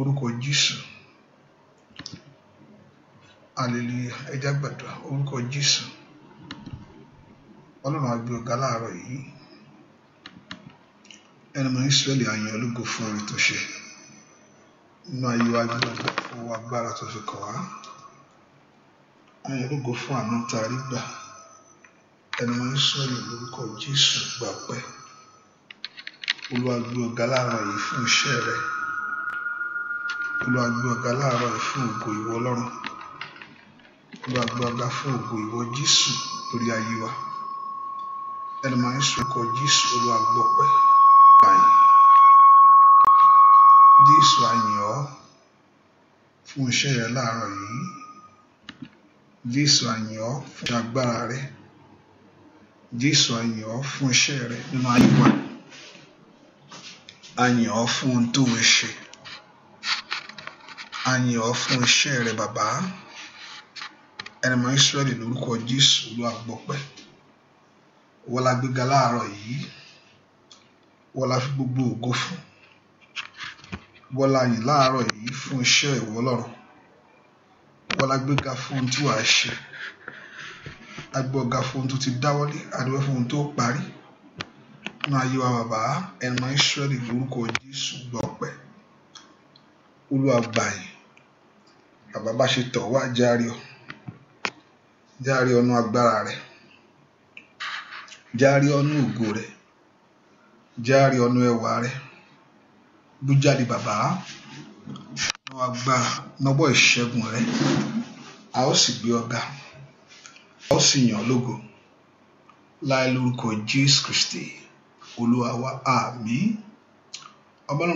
orúkọ jésù hallelujah ẹ orúkọ jésù ọlọ́run àgbẹ̀ ọ̀gá yìí ẹni mọ̀ ìsírẹ́lì àyàn ológo fún orí tó ṣe nínú ayé wa gbọ́dọ̀ agbára tó fi wá àyàn ológo fún a gbà olúwa gbé ọ̀gá láàárọ̀ yìí fún ògo ìwọ ọlọ́run olúwa gbé ọ̀gá fún ògo ìwọ jésù lórí ayé wa ẹni máa ń sọ ọkọ jésù olúwa gbọ́ pẹ́ báyìí jésù àyìn ọ́ fún iṣẹ́ rẹ láàárọ̀ yìí jésù àyìn ọ́ fún agbára rẹ jésù àyìn ọ́ fún iṣẹ́ rẹ nínú ayé wa àyìn ọ́ fún ohun tó ń ṣe a yìn ọ́ fún iṣẹ́ rẹ bàbá ẹnìmọ̀ Ísírẹ́lì lórúkọ Jésù ló àgbọ̀pẹ́ wọ́n la gbéga láàárọ̀ yìí wọ́n la fi gbogbo ògo fún wọ́n la yìn láàárọ̀ yìí fún iṣẹ́ ìwọ Ọlọ́run wọ́n la gbéga fún ohun tí wàá ṣe agbọ̀ga fún ohun tó ti dáwọ́lé àdúgbò fún ohun tó parí nínú ayé wa bàbá ẹnìmọ̀ Ísírẹ́lì lórúkọ Jésù gbọ̀pẹ́ olúwa gbà yín Baba bá ṣe tọ̀ wá járe ọ járe ọnú agbára rẹ járe ọnú ògo rẹ járe ọnú ẹwà rẹ bú bàbá náà agbára nọwọ́ ìṣẹ́gun rẹ a ó sì gbé ọgá a ó sì yàn lógo láì Kristi Olúwa náà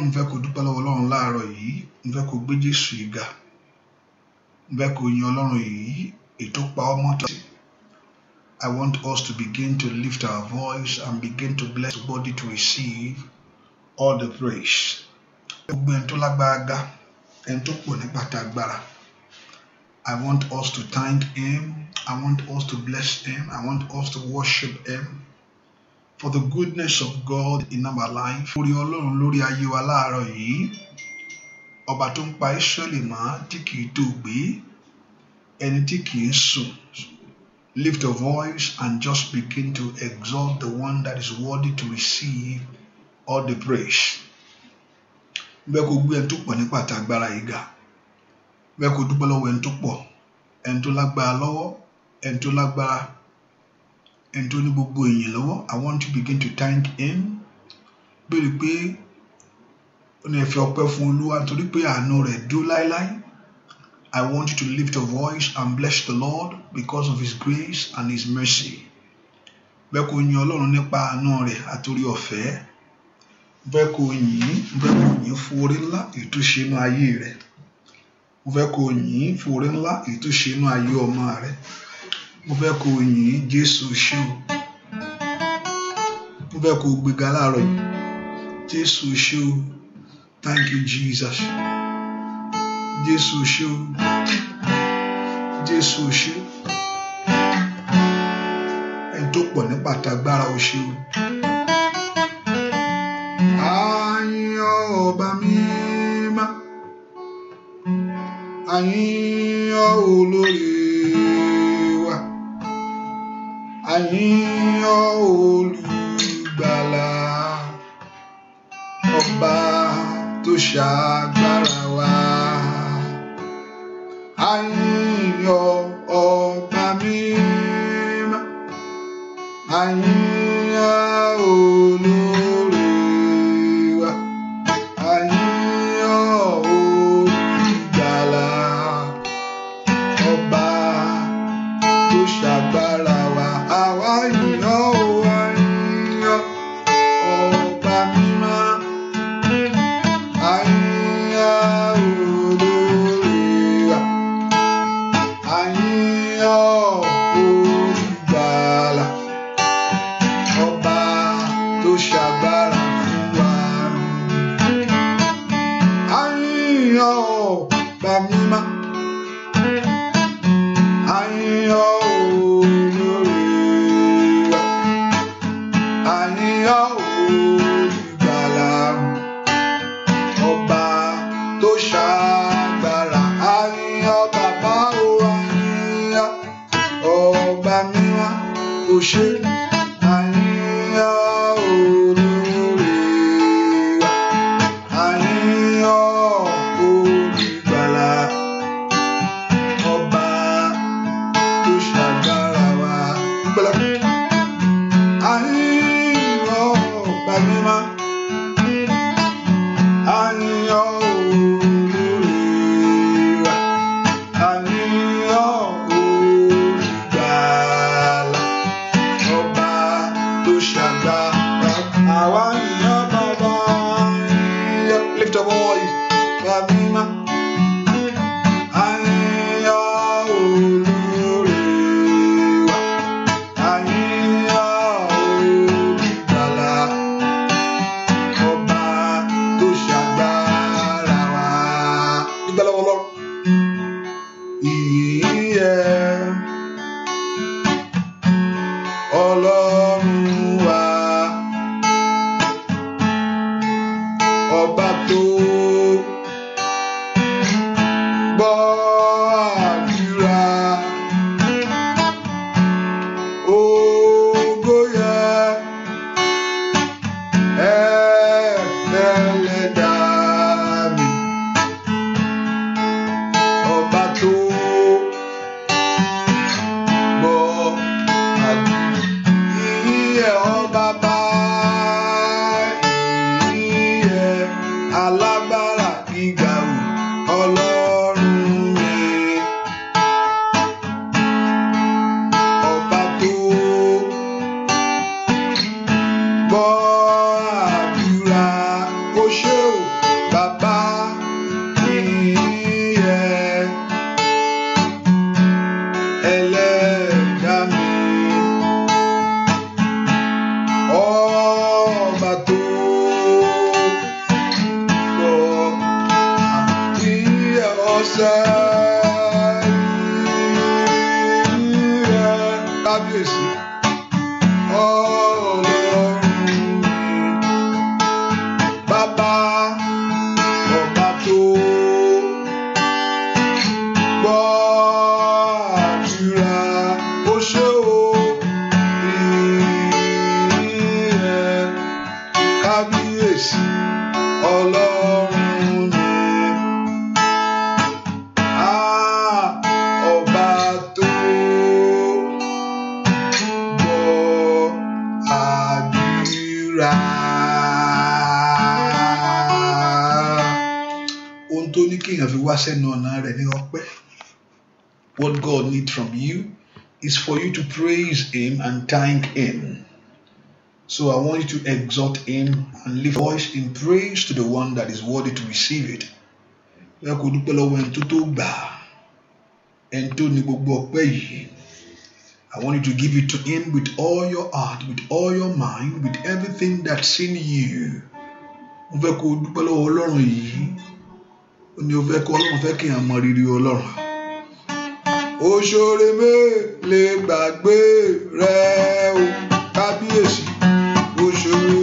mo fẹ́ kó dúpẹ́ lọ́wọ́ Ọlọ́run láàárọ̀ yìí ga. bẹ́ẹ̀ kò yin ọlọ́run yìí ètò pa ọmọ tó I want us to begin to lift our voice and begin to bless the body to receive all the praise. gbogbo ẹni tó lágbára ga ẹni tó pọ̀ nípa ta agbára. I want us to thank him. I want us to bless him. I want us to worship him. For the goodness of God in our life. Orí ọlọ́run lórí ayé wa láàárọ̀ yìí ọba tó ń pa Ísírẹ́lì mọ́ tí kì í tòògbé ẹni tí kì í sùn lift a voice and just begin to exalt the one that is worthy to receive all the praise bẹ́ẹ̀ kó gbé ẹni tó pọ̀ nípa àti agbára yìí ga bẹ́ẹ̀ kó dúpẹ́ lọ́wọ́ ẹni tó pọ̀ ẹni tó lágbára lọ́wọ́ ẹni tó lágbára ẹni tó ní gbogbo èèyàn lọ́wọ́ I want to begin to thank him bẹ́ẹ̀ pé ó ní ẹ fi ọpẹ́ fún olúwa nítorí pé àánú rẹ̀ dúró láéláé I want you to lift your voice and bless the Lord because of his grace and his mercy bẹ́ẹ̀ kò yin ọlọ́run nípa àánú rẹ̀ àtòrí ọ̀fẹ́ bẹ́ẹ̀ kò yìn bẹ́ẹ̀ kò yìn fún orí ńlá èyí tó ṣe inú ayé rẹ̀ mo fẹ́ kó yìn fún orí ńlá èyí inú ayé ọmọ rẹ̀ mo fẹ́ kó yìn Jésù ṣé o mo fẹ́ kó gbéga láàárọ̀ yìí Jésù ṣé o. Thank you, Jesus. Jésù ṣé o. Jésù ṣé. Ẹni tó pọ̀ ní pàtàgbára o ṣé o. Àyìn ọba mímá. Àyìn olórí wa. Àyìn olùgbàlà ọba tó ṣàgbára wa. Àyìnyàn ọba mímọ́, àyìnyàn. What God needs from you is for you to praise Him and thank Him. So I want you to exhort Him and lift voice in praise to the one that is worthy to receive it. I want you to give it to Him with all your heart, with all your mind, with everything that's in you. Mo fẹ́ kó dúpẹ́ lọ́wọ́ Ọlọ́run yìí. Ó ní o fẹ́ kó Ọlọ́run fẹ́ kí n rírì Ọlọ́run. òṣòrèmé lè gbàgbé rẹ o kábíyèsí òṣòrèmé.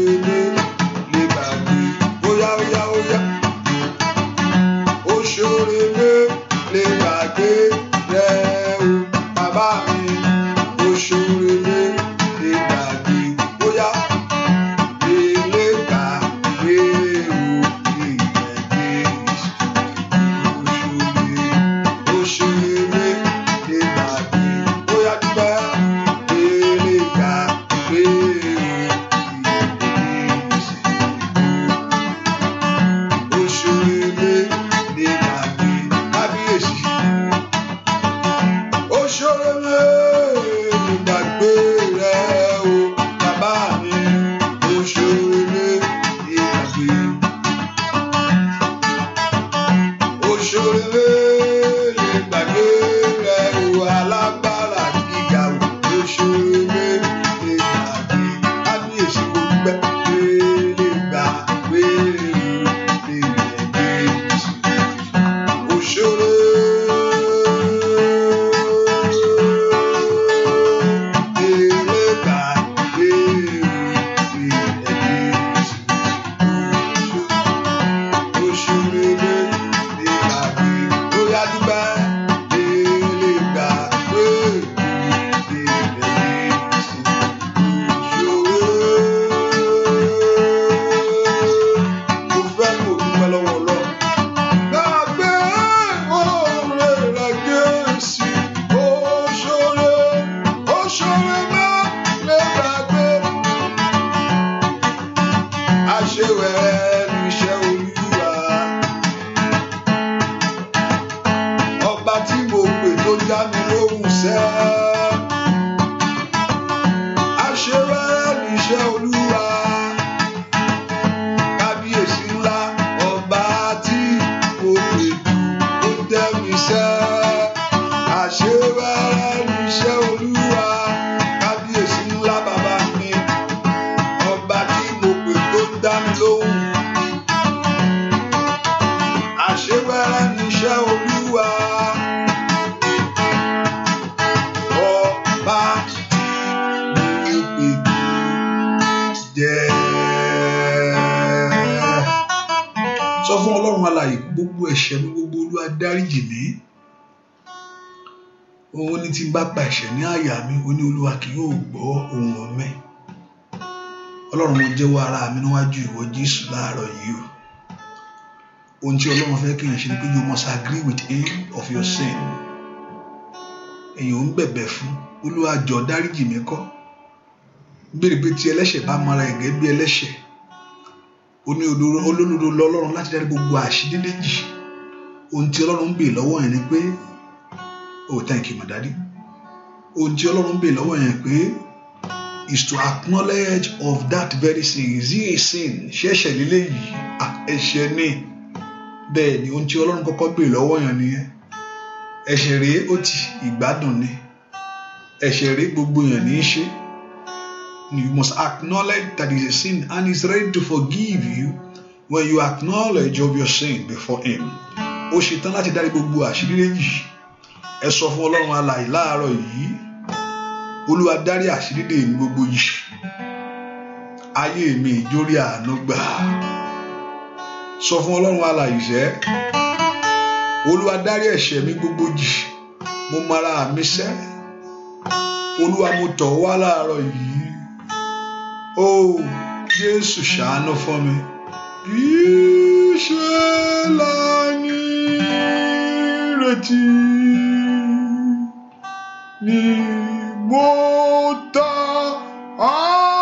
dáríjì mí òun ni tí bá pa ẹ̀ṣẹ̀ ní àyà mi ó ní olúwa kì yóò gbọ́ ohùn ọmẹ ọlọ́run mo jẹ́wọ́ ara mi níwájú ìwọ jésù láàárọ̀ yìí o ohun tí ọlọ́run fẹ́ kí èèyàn ṣe ni pé you must agree with him of your sin èèyàn ń bẹ̀bẹ̀ fún olúwa jọ dáríjì mi kọ́ béèrè pé tí ẹlẹ́ṣẹ̀ bá mara ẹ̀gẹ́ bí ẹlẹ́ṣẹ̀ ó ní olólùdó lọ́lọ́run láti dárí gbogbo àṣídélé ohun tí ọlọ́run ń bè lọ́wọ́ yẹn ni pé oh thank you my daddy ohun tí ọlọ́run ń bè lọ́wọ́ yẹn pé is to acknowledge of that very sin is he a sin ṣẹ̀ṣẹ̀ lílé yìí ẹ̀ṣẹ̀ ni bẹ́ẹ̀ ni ohun tí ọlọ́run kọ́kọ́ bè lọ́wọ́ yẹn nìyẹn ẹ̀ṣẹ̀ rèé ó ti ìgbádùn ni ẹ̀ṣẹ̀ rèé gbogbo yẹn ní í ṣe you must acknowledge that is a sin and he is ready to forgive you when you acknowledge of your sin before him ó ṣetán láti dárí gbogbo àṣírí yìí ẹ sọ fún ọlọ́run alàyè láàárọ̀ yìí olúwa dárí àṣírí dè mí gbogbo yìí ayé mi ìjórí àánú gbà sọ fún ọlọ́run alàyè sẹ́ olúwa dárí ẹ̀ṣẹ̀ mi gbogbo yìí mo mara mi sẹ́ olúwa mo tọ̀ wá láàárọ̀ yìí ó jésù ṣàánú fún mi. Iṣẹ́ la ní retí Ah!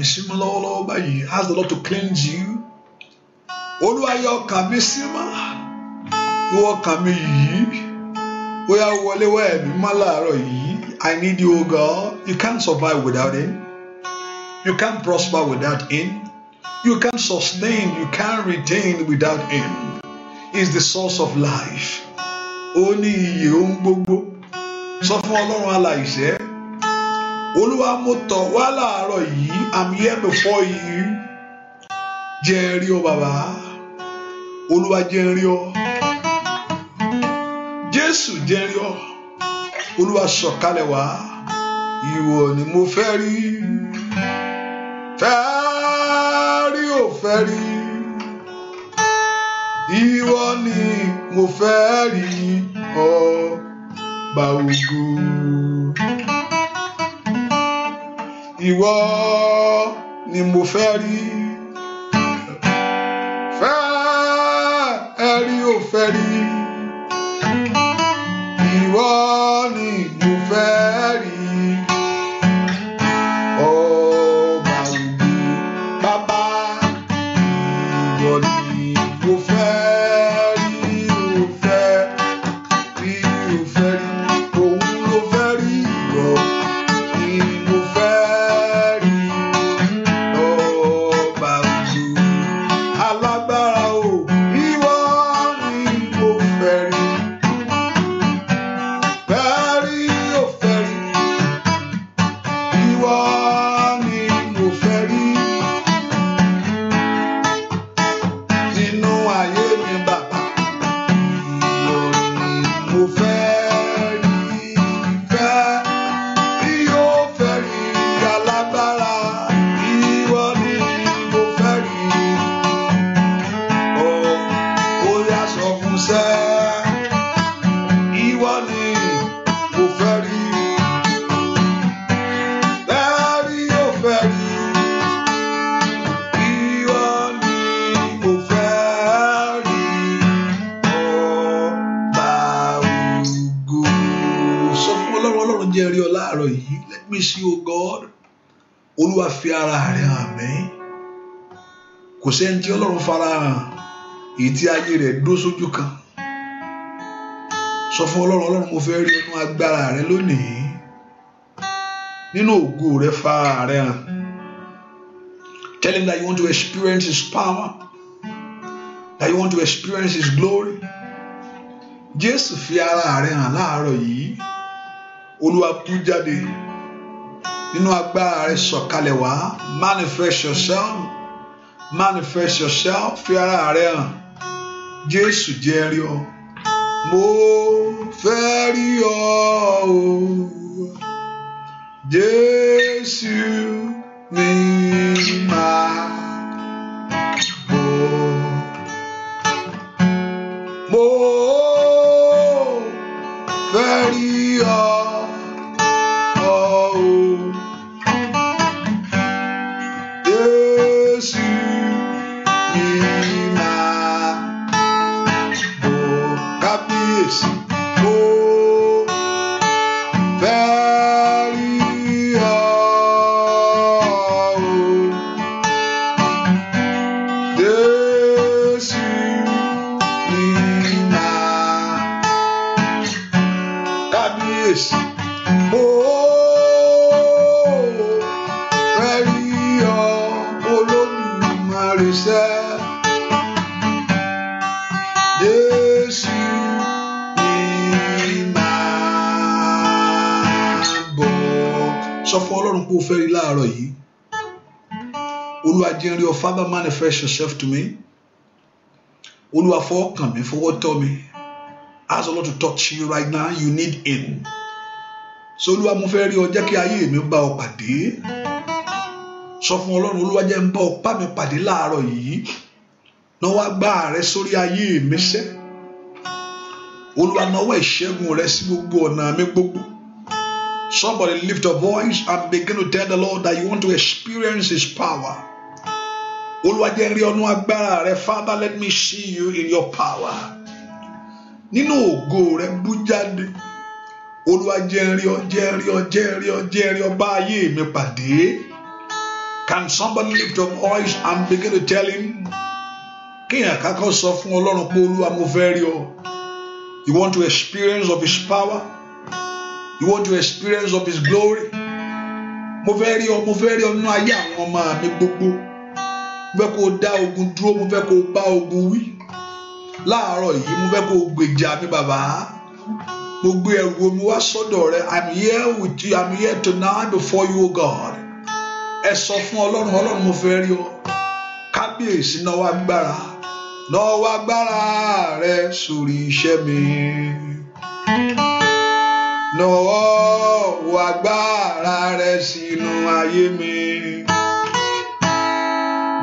mi sí mọ́ lọ́wọ́lọ́wọ́ báyìí ask the Lord to cleanse you olúwa yọ ọkàn mi sí mọ́ ìwọ ọkàn mi yìí ó wọlé wá ẹ̀mí mọ́ láàárọ̀ yìí I need you o God you can't survive without him you can't prosper without him you can't sustain you can't retain without him He's the source of life ó ní iyì ohun gbogbo sọ fún ọlọ́run alàìṣẹ́ olúwa mo tọ̀ wá láàárọ̀ yìí i'm here before you jẹ́ rí ọ bàbá olúwa jẹ́ rí ọ jésù jẹ́ rí ọ olúwa sọ̀kalẹ̀ wá ìwọ ni mo fẹ́ rí fẹ́ rí ò fẹ́ rí ìwọ ni mo fẹ́ rí ọ bá ògo ìwọ ni mo fẹ́ rí fẹ́ ẹ rí ò fẹ́ rí ìwọ ni mo fẹ́ rí. fi ara rẹ̀ hàn mí kò sẹ́ni tí ọlọ́run farahàn èyí tí ayé rẹ̀ dó sójú kan sọ fún ọlọ́run ọlọ́run mo fẹ́ rí inú agbára rẹ lónìí nínú ògo rẹ fa rẹ hàn tell him that you want to experience his power that you want to experience his glory jésù fi ara rẹ hàn láàárọ̀ yìí olúwa bú jáde nínú agbára rẹ sọ̀kalẹ̀ wá manifest yourself manifest yourself fi ara rẹ hàn jésù jẹ́ rí ọ mo fẹ́ rí ọ o jésù mi máa bò mo fẹ́ rí ọ. Cheers. jẹ́ rí ọ Father manifest yourself to me olúwa fọwọ́ kàn mí fọwọ́ tọ́ mi ask a lot to touch you right now you need him so olúwa mo fẹ́ rí ọ jẹ́ kí ayé mi bá ọ pàdé sọ fún ọlọ́run olúwa jẹ́ ń bá ọpá mi pàdé láàárọ̀ yìí náwó agbá rẹ sórí ayé mi sẹ́ olúwa náwó ìṣẹ́gun rẹ sí gbogbo ọ̀nà mi gbogbo somebody lift a voice and begin to tell the Lord that you want to experience his power. Olúwa jẹ́ rí ọ̀nà agbára rẹ Father let me see you in your power nínú ògo rẹ bú jáde Olúwa jẹ́ rí ọ jẹ́ rí ọ jẹ́ rí ayé mi pàdé can somebody lift up voice and begin to tell him kéèyàn kakọ sọ fún Ọlọ́run pé Olúwa mo fẹ́ rí ọ you want to experience of his power you want to experience of his glory mo fẹ́ rí ọ mo fẹ́ rí ọ nínú ayé àwọn ọmọ mi gbogbo mo fẹ́ kó o ogun dúró mo fẹ́ kó bá ogun wí láàárọ̀ yìí mo fẹ́ kó gbèjà mi bàbá mo gbé ẹrù omi wá sọ́dọ̀ rẹ i'm here with you i'm here tonight before you god ẹ sọ fún ọlọ́run ọlọ́run mo fẹ́ rí ọ kábíyèsí náwó agbára náwó agbára rẹ sórí iṣẹ́ mi náwó agbára rẹ sínú ayé mi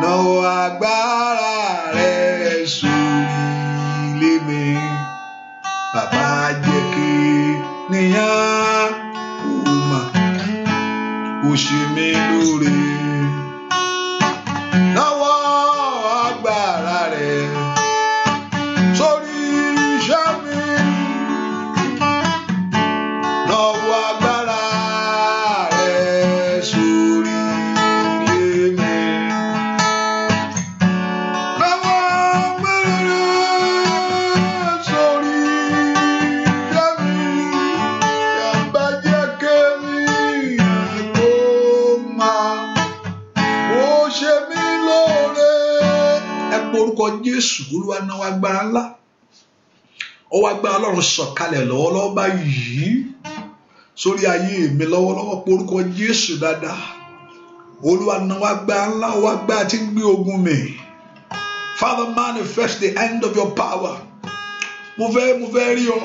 náwó agbára rẹ̀ sórí ilé mi bàbá jẹ́ kí níyàn kò mà ó ṣe mí lóore. jésù olúwa náà wá gbára ńlá ọwọ́ agbára ọlọ́run sọ̀kalẹ̀ lọ́wọ́lọ́wọ́ báyìí sórí ayé mi lọ́wọ́lọ́wọ́ porúkọ jésù dáadáa olúwa náà wá gbára ńlá ọwọ́ agbára tí ń gbé ogun mi father manifest the end of your power mo fẹ́ mo fẹ́ rí ọ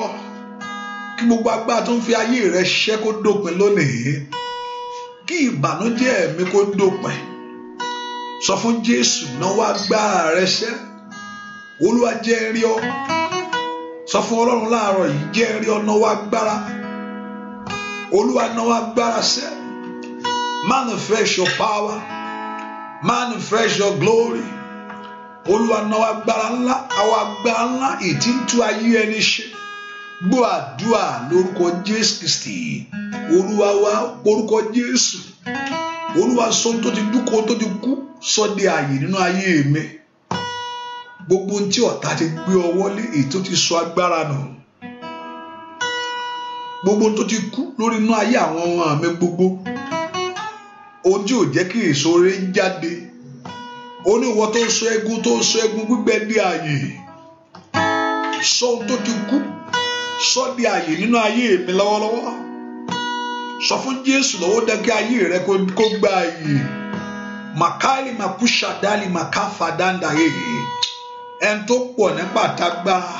kí gbogbo agbára tó ń fi ayé rẹ ṣẹ́ kó dópin lónìí kí ìbànújẹ́ mi kó dópin sọ fún jésù náà wá rẹ ṣẹ́ olúwa jẹ́ rí ọ sọ fún ọlọ́run láàárọ̀ yìí jẹ́ rí ọ náwó agbára olúwa náwó agbára sẹ́ manifest your power manifest your glory olúwa náwó agbára ńlá àwọn agbára ńlá ètí ń tú ayé ẹni ṣe gbọ́ àdúrà lórúkọ jésù kristi olúwa wa orúkọ jésù olúwa sọ tó ti dúkọ tó ti kú sọ di ààyè nínú ayé mi. No gbogbo ohun tí ọ̀tá ti gbé ọwọ́ lé èyí tó ti sọ agbára nù gbogbo tó ti kú lórí inú ayé àwọn ọmọ mi gbogbo ohun tí ò jẹ́ kí èso rẹ̀ jáde ó ní ìwọ tó ń sọ egun tó ń sọ egun gbígbẹ di ààyè sọ ohun tó ti kú sọ di ààyè nínú ayé mi lọ́wọ́lọ́wọ́ sọ fún Jésù lọ́wọ́ dá ayé rẹ kó gba ààyè màkàlì màkúṣà dálì ẹni tó pọ̀ nígbà tágbára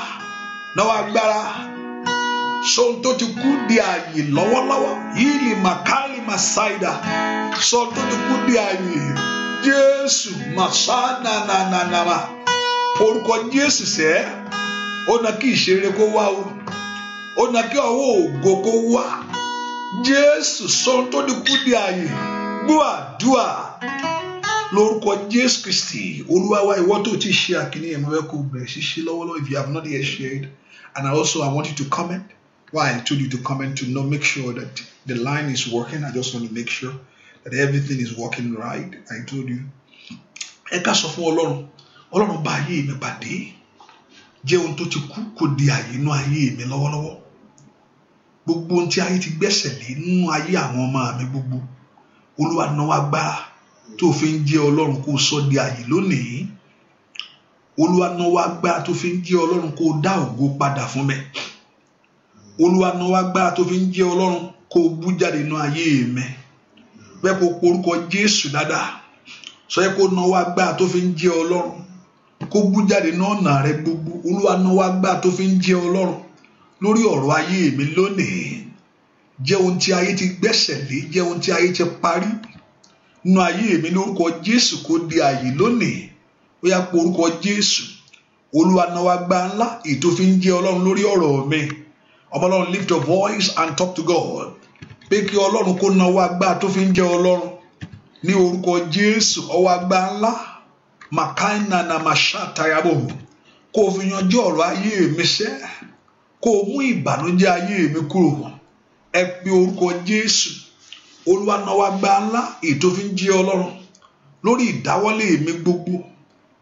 náwó agbára sọ́n tó ti kú di ààyè lọ́wọ́lọ́wọ́ yìí lè má káàlì má ṣáìdà sọ́n tó ti kú di ààyè Jésù má sá nànànànàmà orúkọ Jésù sẹ́ ó na kí ìṣeré kó wá o ó na kí ọwọ́ ògo kó wá Jésù sọ́n tó ti kú di ààyè gbọ́ àdúrà lórúkọ Jésù Kristi Olúwa wa ìwọ tó ti ṣe àkíní ẹ̀ mo fẹ́ bẹ̀rẹ̀ sí lọ́wọ́lọ́wọ́ if you have not yet shared and also I want you to comment why I told you to comment to know make sure that the line is working I just want to make sure that everything is working right I told you ẹ ká sọ fún Ọlọ́run Ọlọ́run bá ayé mi pàdé jẹ́ ohun tó ti kú kò di àyè inú ayé mi lọ́wọ́lọ́wọ́ gbogbo ohun tí ayé ti gbẹ́sẹ̀ lé nínú ayé àwọn ọmọ mi gbogbo Olúwa náwó agbára tó fi ń jẹ́ ọlọ́run kó sọ di àyè lónìí olúwa náwó agbára tó fi ń jẹ́ ọlọ́run kó dá ògo padà fún mi olúwa náwó agbára tó fi ń jẹ́ ọlọ́run kó bú jáde nínú ayé mi bẹ́ẹ̀ kó porúkọ jésù dáadáa sọ yẹ kó náwó tó fi ń jẹ́ ọlọ́run kó bú jáde nínú ọ̀nà rẹ gbogbo olúwa tó fi ń jẹ́ ọlọ́run lórí ọ̀rọ̀ ayé mi lónìí jẹ́ ohun tí ayé ti gbẹ́sẹ̀ lé jẹ́ ohun tí ayé ti parí nínú ayé mi lórúkọ jésù kó di àyè lónìí ó yá pé orúkọ jésù olúwa náwó agbá ńlá ètò fi ń jẹ ọlọ́run lórí ọ̀rọ̀ mi ọmọ ọlọ́run lift your voice and talk to god pé kí ọlọ́run kó náwó agbá tó fi ń jẹ ọlọ́run ní orúkọ jésù ọwọ́ agbá ńlá makaina na masha tayabo kó o fi yanjú ọ̀rọ̀ ayé mi sẹ́ kó o mú ìbànújẹ́ ayé mi kúrò ẹ pe orúkọ jésù olúwa náwó agbá ńlá ètò fi ń jí ọlọ́run lórí ìdáwọ́lé mi gbogbo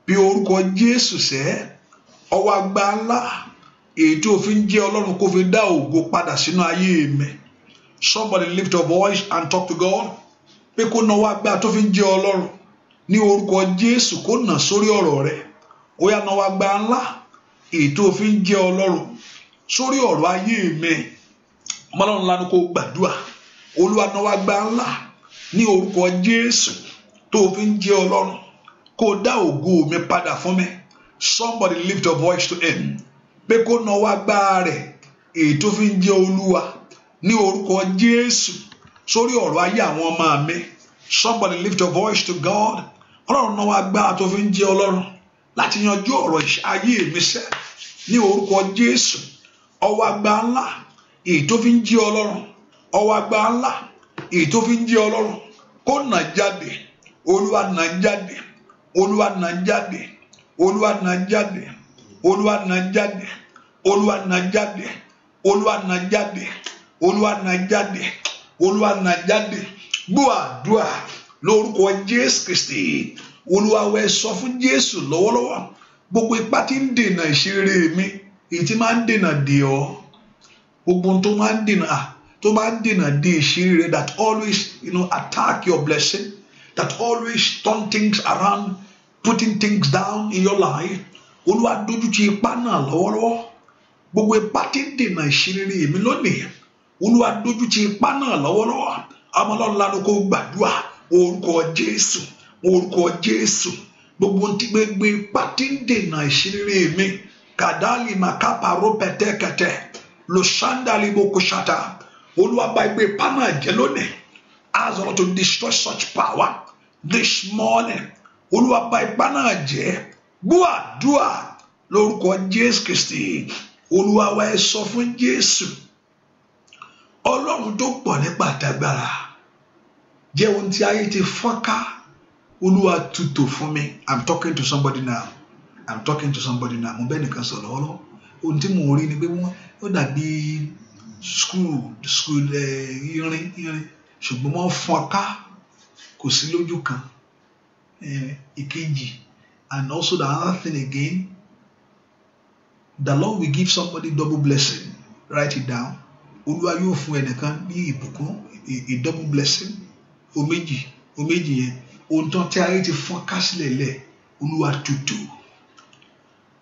bí orúkọ jésù sẹ́ ọwọ́ agbá ńlá ètò fi ń jí ọlọ́run kó fi dá ògo padà sínú ayé mi somebody lift your voice and talk to God pé kó náwó agbá tó fi ń jí ọlọ́run ní orúkọ jésù kó nà sórí ọ̀rọ̀ rẹ̀ ó yá náwó agbá ńlá ètò fi ń jí ọlọ́run sórí ọ̀rọ̀ ayé mi ọmọlọ́run lanu kó gbàdúrà olúwa náà wá gba ńlá ní orúkọ jésù tó o fi ń jẹ́ ọlọ́run kó dá ògo mi padà fún mi somebody lift your voice to him pé kó náà wá gbá rẹ̀ èyí tó fi ń jẹ́ olúwa ní orúkọ jésù sórí ọ̀rọ̀ ayé àwọn ọmọ mi somebody lift your voice to God ọlọ́run náà wá gbá tó fi ń jẹ́ ọlọ́run láti yanjú ọ̀rọ̀ ayé mi sẹ́ ní orúkọ jésù ọwọ́ agbá ńlá èyí tó fi ń jẹ́ ọlọ́run ọwọ́ agbá ńlá èyí tó fi ń jẹ́ ọlọ́run kó nà jáde olúwa nà jáde olúwa nà jáde olúwa nà jáde olúwa nà jáde olúwa nà jáde olúwa nà jáde olúwa nà jáde olúwa nà jáde gbọ́ àdúrà lórúkọ jésù kristi olúwa wẹ sọ fún jésù lọ́wọ́lọ́wọ́ gbogbo ipá tí ń dènà ìṣeré mi èyí tí máa ń dènà dè ọ́ gbogbo ohun tó máa ń dènà tó bá ń dènà de ìṣírí rẹ that always you know, attack your blessing that always turn things around putting things down in your life olúwa dojútì ipá náà lọ́wọ́lọ́wọ́ gbogbo ipá tí ń dènà ìṣírí èmi lónìí olúwa dojútì ipá náà lọ́wọ́lọ́wọ́ amọlọ́la ló kó gbàdúrà orúkọ jésù orúkọ jésù gbogbo ti gbégbé ipá tí ń dènà ìṣírí mi kàdálì màkàpà rọpẹtẹkẹtẹ lọsàndàlì bokùsàtà olúwa bà ìgbé ipá náà lónìí ask the Lord to destroy such power this morning olúwa bà ipá náà jẹ́ gbọ́ àdúrà lórúkọ jésù kristi olúwa wa ẹ sọ fún jésù ọlọ́run tó pọ̀ nípa àtàgbára jẹ́ ohun tí ayé ti fọ́nká olúwa tutù fún mi i'm talking to somebody now i'm talking to somebody now mo bẹ́ẹ̀ nìkan sọ̀rọ̀ ọlọ́ ohun tí mo rí ni pé wọ́n ó dàbí skul skul eh, irin irin ṣùgbọ́n wọ́n fọ́n ká kò sí lójú kan eh, ìkejì and also the other thing again the Lord will give somebody double blessing write it down olúwa yóò fún ẹnìkan ní ìbùkún a double blessing Omeji. Omeji o méjì yẹn ohun tán tí ayé ti fọ́n ká sílẹ̀ lẹ̀ olúwa tutù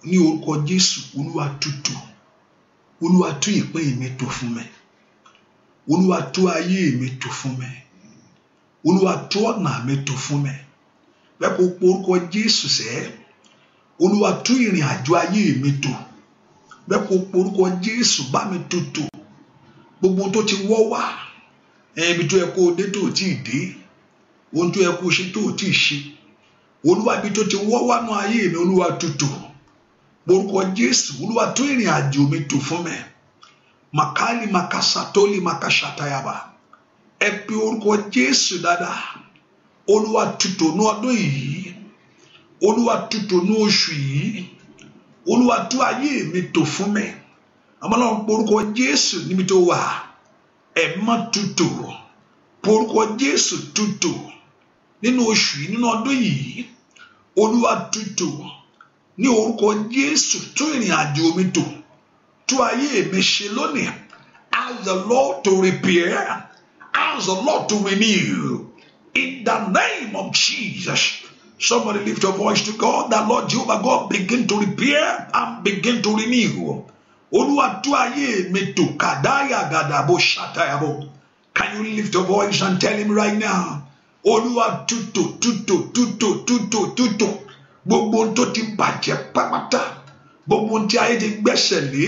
ní orúkọ Jésù olúwa tutù olúwa tú ìpín mi tó fún mi olúwa tú ayé mi tó fún mi olúwa tú ọ̀nà mi tó fún mi bẹ́ẹ̀ kó porúkọ jésù sẹ́ olúwa tú ìrìn àjò ayé mi tó bẹ́ẹ̀ kó porúkọ jésù bá mi tó tó gbogbo tó ti wọ́ wá ibi tó yẹ kó o dé tó o tí dé ohun tó yẹ kó o ṣe tó o tí ṣe olúwa ibi tó ti wọ́ wá nú ayé mi olúwa tutù orúkọ jésù olúwa tó ìrìn àjò mi tò fún mi makali makasatoli makasatayaba ẹ pe orúkọ jésù dáadáa olúwa tutù ní ọdún yìí olúwa tutù ní oṣù yìí olúwa tú ayé mi tò fún mi àmọ́láwọn porúkọ jésù níbi tó wà ẹ má tutù porúkọ jésù tutù nínú oṣù yìí nínú ọdún yìí olúwa tutù ní orúkọ Jésù tún ìrìn àjò mi tò tún ayé mi ṣe lónìí ask the Lord to repair ask the Lord to renew in the name of Jesus. Somebody lift your voice to God that Lord Jehovah God begin to repair and begin to renew. Olúwa tún ayé mi tò kàdáyà gàdàbò ṣàtàyàbò. Can you lift your voice and tell him right now? Olúwa tútò tútò tútò tútò tútò gbogbo ohun tó ti bàjẹ́ pápátá gbogbo ohun tí ayé ti gbẹ́sẹ̀ lé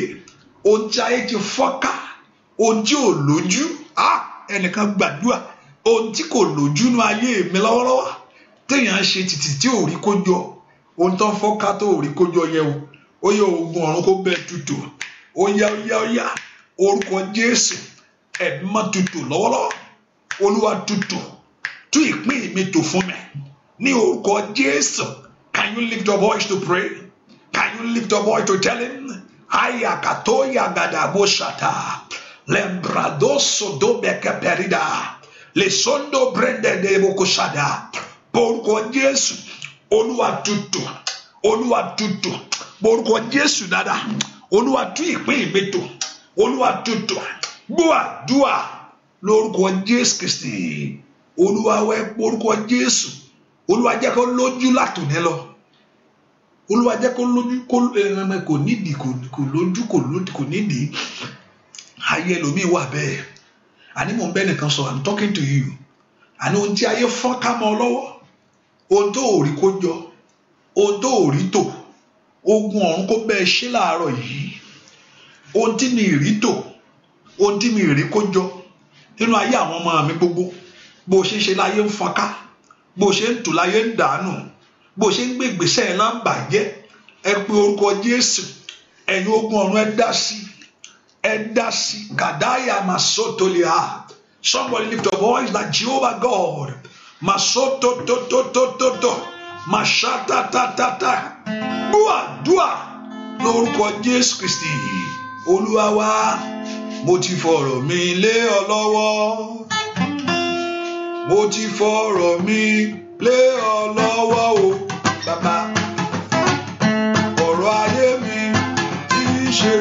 ohun tí ayé ti fọ́ká ohun tí ò lójú ẹnìkan gbàdúrà ohun tí kò lójú nú ayé mi lọ́wọ́lọ́wọ́ téèyàn ṣe títí tí ò rí kó jọ ohun tó ń fọ́ká tó ò rí kó jọ yẹ o ó yẹ oògùn ọ̀run kó bẹ́ẹ̀ tutù ó yá ó yá ó yá orúkọ Jésù ẹ̀mí mọ́ tutù lọ́wọ́lọ́wọ́ olúwa tutù tú ìpín mi tò fún mi ní orúkọ Jésù. Can you lift your voice to pray? Can you lift your voice to tell him? Ayakatoya gadaboshata. Lembradoso dobeke perida. Lesondo brende de bokoshada. Porúkọ Jésù. Olúwa tutu, Olúwa tutu. Porúkọ Jésù dada. Olúwa tú ìpín mi tò. Olúwa tútù. Gbọ́ àdúà lórúkọ Jésù Kristi. Olúwa wẹ́ porúkọ Jésù. Olúwa jẹ́ kó lójú olúwa jẹ́ kó lójú kó ẹran eh, eh, kò nídìí kò lójú kò nídìí ayé ẹlòmíì wà bẹ́ẹ̀ àní mò ń bẹ́ nìkan sọ i'm talking to you àní ohun tí ayé fọ́n ká mọ́ ọ lọ́wọ́ ohun tó ò rí kó jọ ohun tó ò rí tò ogun ọ̀run kó bẹ́ẹ̀ ṣe láàárọ̀ yìí ohun tí mi rí tò ohun tí mi rí kó jọ nínú ayé àwọn ọmọ mi gbogbo bó ṣe ń ṣe láyé ń fọ́n ká bó ṣe ń tù láyé ń dànù bó ṣe ń gbé ìgbésẹ̀ yẹn náà bàjẹ́ ẹ pe orúkọ Jésù ẹ̀yin ogun ọ̀run ẹ dá sí ẹ dá sí kàdáyà màsótólìá somebody lift up voice na Jehovah God màsótótótótótótó màsátátátáta dúà dúà lórúkọ Jésù Kristi Olúwa wa mo ti fọ̀rọ̀ mi lé ọ lọ́wọ́ mo ti fọ̀rọ̀ mi lé ọ lọ́wọ́ o bàbá ọ̀rọ̀ ayé mi kì í ṣe.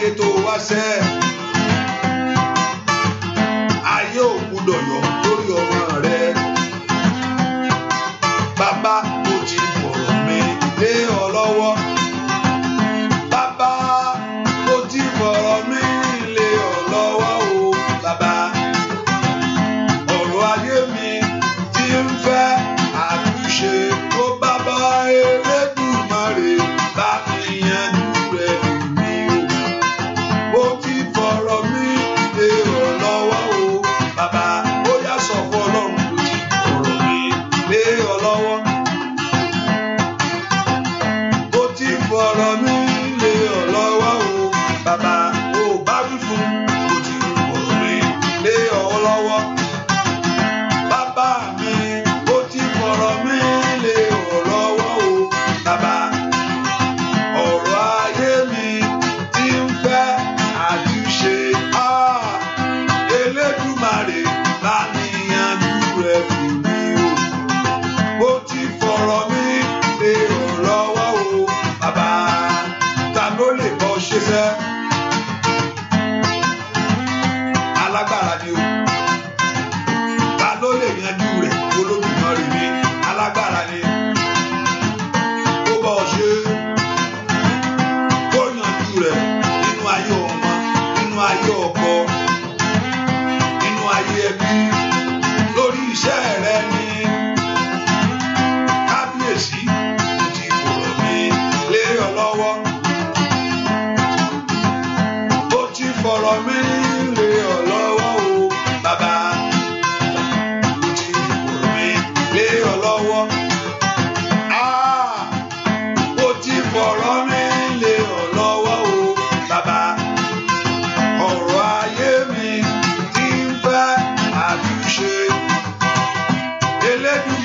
que tú.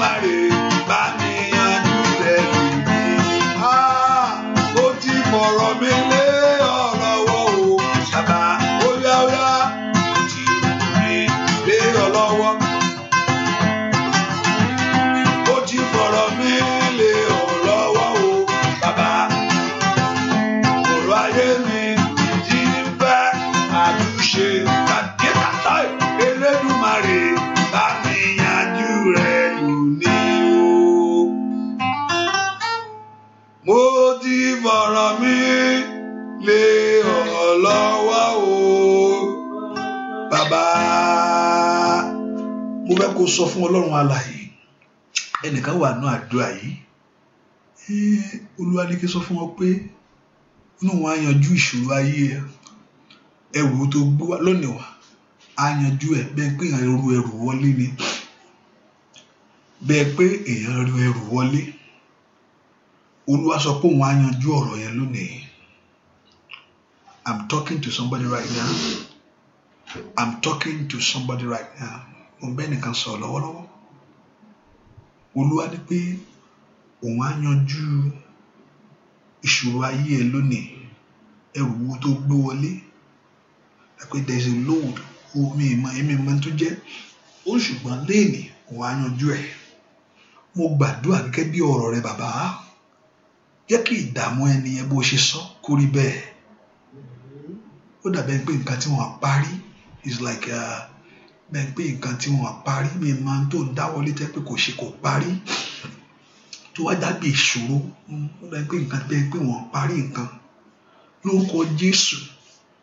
somebody kó sọ fún ọlọ́run alààyè ẹnìkan wà nù àdúrà yìí olúwa sọ fún wọn pé inú wọn á yanjú ìṣòro ayé ẹrù tó gbé wá lónìí wá á yanjú ẹ bẹ́ẹ̀ pé èèyàn ru ẹrù wọlé ni bẹ́ẹ̀ pé èèyàn ru ẹrù wọlé olúwa sọ pé òun á yanjú ọ̀rọ̀ yẹn lónìí I'm talking to somebody right now I'm talking to somebody right now mo bẹ́ nìkan sọ̀rọ̀ lọ́wọ́lọ́wọ́ olúwa ní pé òun á yanjú ìṣòro ayé ẹ lónìí ẹrù wo tó gbé wọlé pé there is a load omi ìmọ̀ èmi ìmọ̀ tó jẹ́ ó ṣùgbọ́n léènì òun á yanjú ẹ̀ mo gbàdúrà gẹ́gẹ́ bí ọ̀rọ̀ rẹ bàbá jẹ́ kí ìdààmú ẹni yẹn bó ṣe sọ kó rí bẹ́ẹ̀ ó dàbẹ́ pé nǹkan tí wọ́n parí is like. Uh, bẹ́ẹ̀ pé nǹkan tí wọ́n parí mi máa ń tó ń dáwọ́lé tẹ́ pé kò ṣe kò parí tó wá dàbí ìṣòro bẹ́ẹ̀ pé nǹkan bẹ́ẹ̀ pé wọ́n parí nǹkan lórúkọ Jésù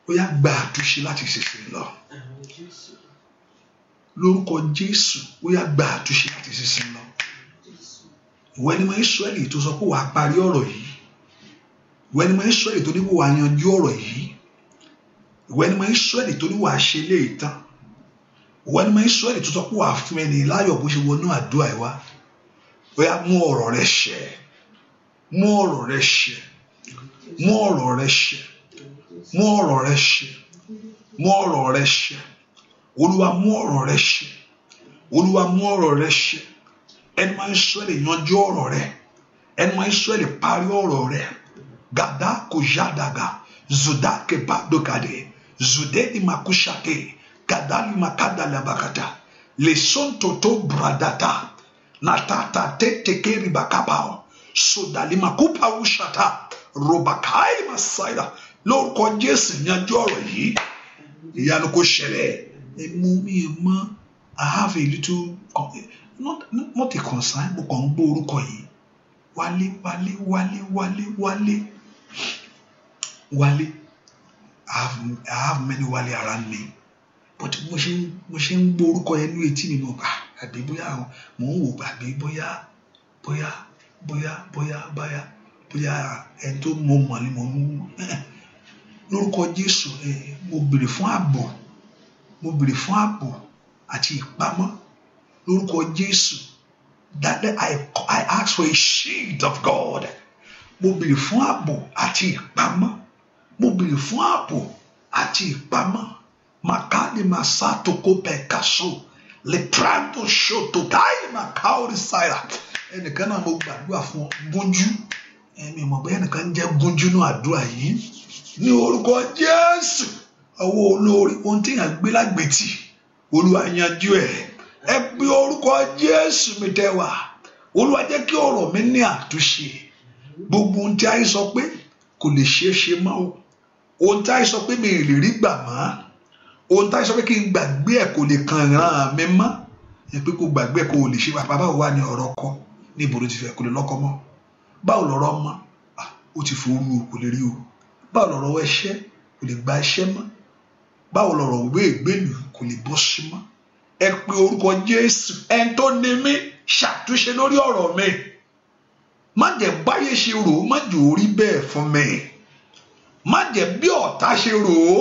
ó yá gba àtúnṣe láti ṣèṣe lọ lórúkọ Jésù ó yá gba àtúnṣe láti ṣèṣe lọ ìwọ ẹni mọ Ísírẹ́lì tó sọ pé wàá parí ọ̀rọ̀ yìí ìwọ ẹni mọ Ísírẹ́lì tó ní wàá yanjú ọ̀rọ̀ yìí ìwọ ẹni mọ Ísírẹ́lì tó ní wàá ṣe léè tán wọ́n ní mọ Ísírẹ́lì tó tọ́kù wà fún ẹni láyọ̀ bó ṣe wọnú àdúrà ẹ wá bóyá mú ọ̀rọ̀ rẹ ṣẹ mú ọ̀rọ̀ rẹ ṣẹ mú ọ̀rọ̀ rẹ ṣẹ mú ọ̀rọ̀ rẹ ṣẹ mú ọ̀rọ̀ rẹ ṣẹ olúwa mú ọ̀rọ̀ rẹ ṣẹ olúwa mú ọ̀rọ̀ rẹ ṣẹ ẹni mọ Ísírẹ́lì yanjú ọ̀rọ̀ rẹ ẹni mọ Ísírẹ́lì parí ọ̀rọ̀ rẹ gàdá kò yá dàgà zùdá kẹbàdókàdé zùdé ìmàkúṣàkè kadali makadala bakata toto bradata natata tetekeri bakapao sodali makupa ushata robakai masaida lórúkọ jésù yanjú ọ̀rọ̀ yìí e ìyanu kò ṣẹlẹ̀ ẹ mú mi ẹ e i have a little e, not not a concern mo kàn ń gbọ́ orúkọ yìí wálé wálé wálé wálé wálé i have i have many wálé around me but mo ṣe ń mo ṣe ń gbọ́ orúkọ yẹn ní etí mi mo gbà àbí bóyá mò ń wò àbí bóyá bóyá bóyá bóyá bóyá bóyá ẹni tó mọ mọ̀ ni mò ń lórúkọ Jésù mo béèrè fún ààbò mo béèrè fún ààbò àti ìpamọ́ lórúkọ Jésù that I, I ask for a shield of God mo béèrè fún ààbò àti ìpamọ́ mo béèrè fún ààbò àti ìpamọ́ makali masato kope kaso leprando soto gai makaori saira ẹnìkan náà mo gbàdúrà fún ọ gúnjú ẹmí mọ̀ bẹ́ẹ̀ nìkan ń jẹ́ gúnjú náà àdúrà yìí ní orúkọ Jésù ọwọ́ olórí ohun tí yàn gbé lágbètì Olúwa yanjú ẹ̀ e. ẹ e bí orúkọ Jésù mi tẹ́wà Olúwa jẹ́ kí ọ̀rọ̀ mi ní àtúnṣe gbogbo ohun tí a sọ pé kò lè ṣeé ṣe mọ́ ohun tí a sọ pé mi ì e lè rí gbà mọ́ ohun tá a sọ pé kí n gbàgbé ẹ̀ kò lè kàn ràn mí mọ́ ẹ pé kò gbàgbé ẹ̀ kò lè ṣe bàbá báwo wà ní ọ̀rọ̀ ọkọ ní ìbòrò ti fẹ́ kò lè lọ́kọ mọ́ báwo lọ́rọ̀ ọmọ ó ti fò ooru kò lè rí o báwo lọ́rọ̀ ẹṣẹ́ kò lè gba ẹṣẹ́ mọ́ báwo lọ́rọ̀ òwe ìgbélú kò lè bọ́ sí mọ́ ẹ pe orúkọ Jésù ẹni tó ní mí ṣàtúnṣe lórí ọ̀rọ̀ mi má jẹ́ báyé ṣe rò ó má jẹ́ orí bẹ́ẹ̀ fún mi má jẹ́ bí ọ̀tá ṣe rò ó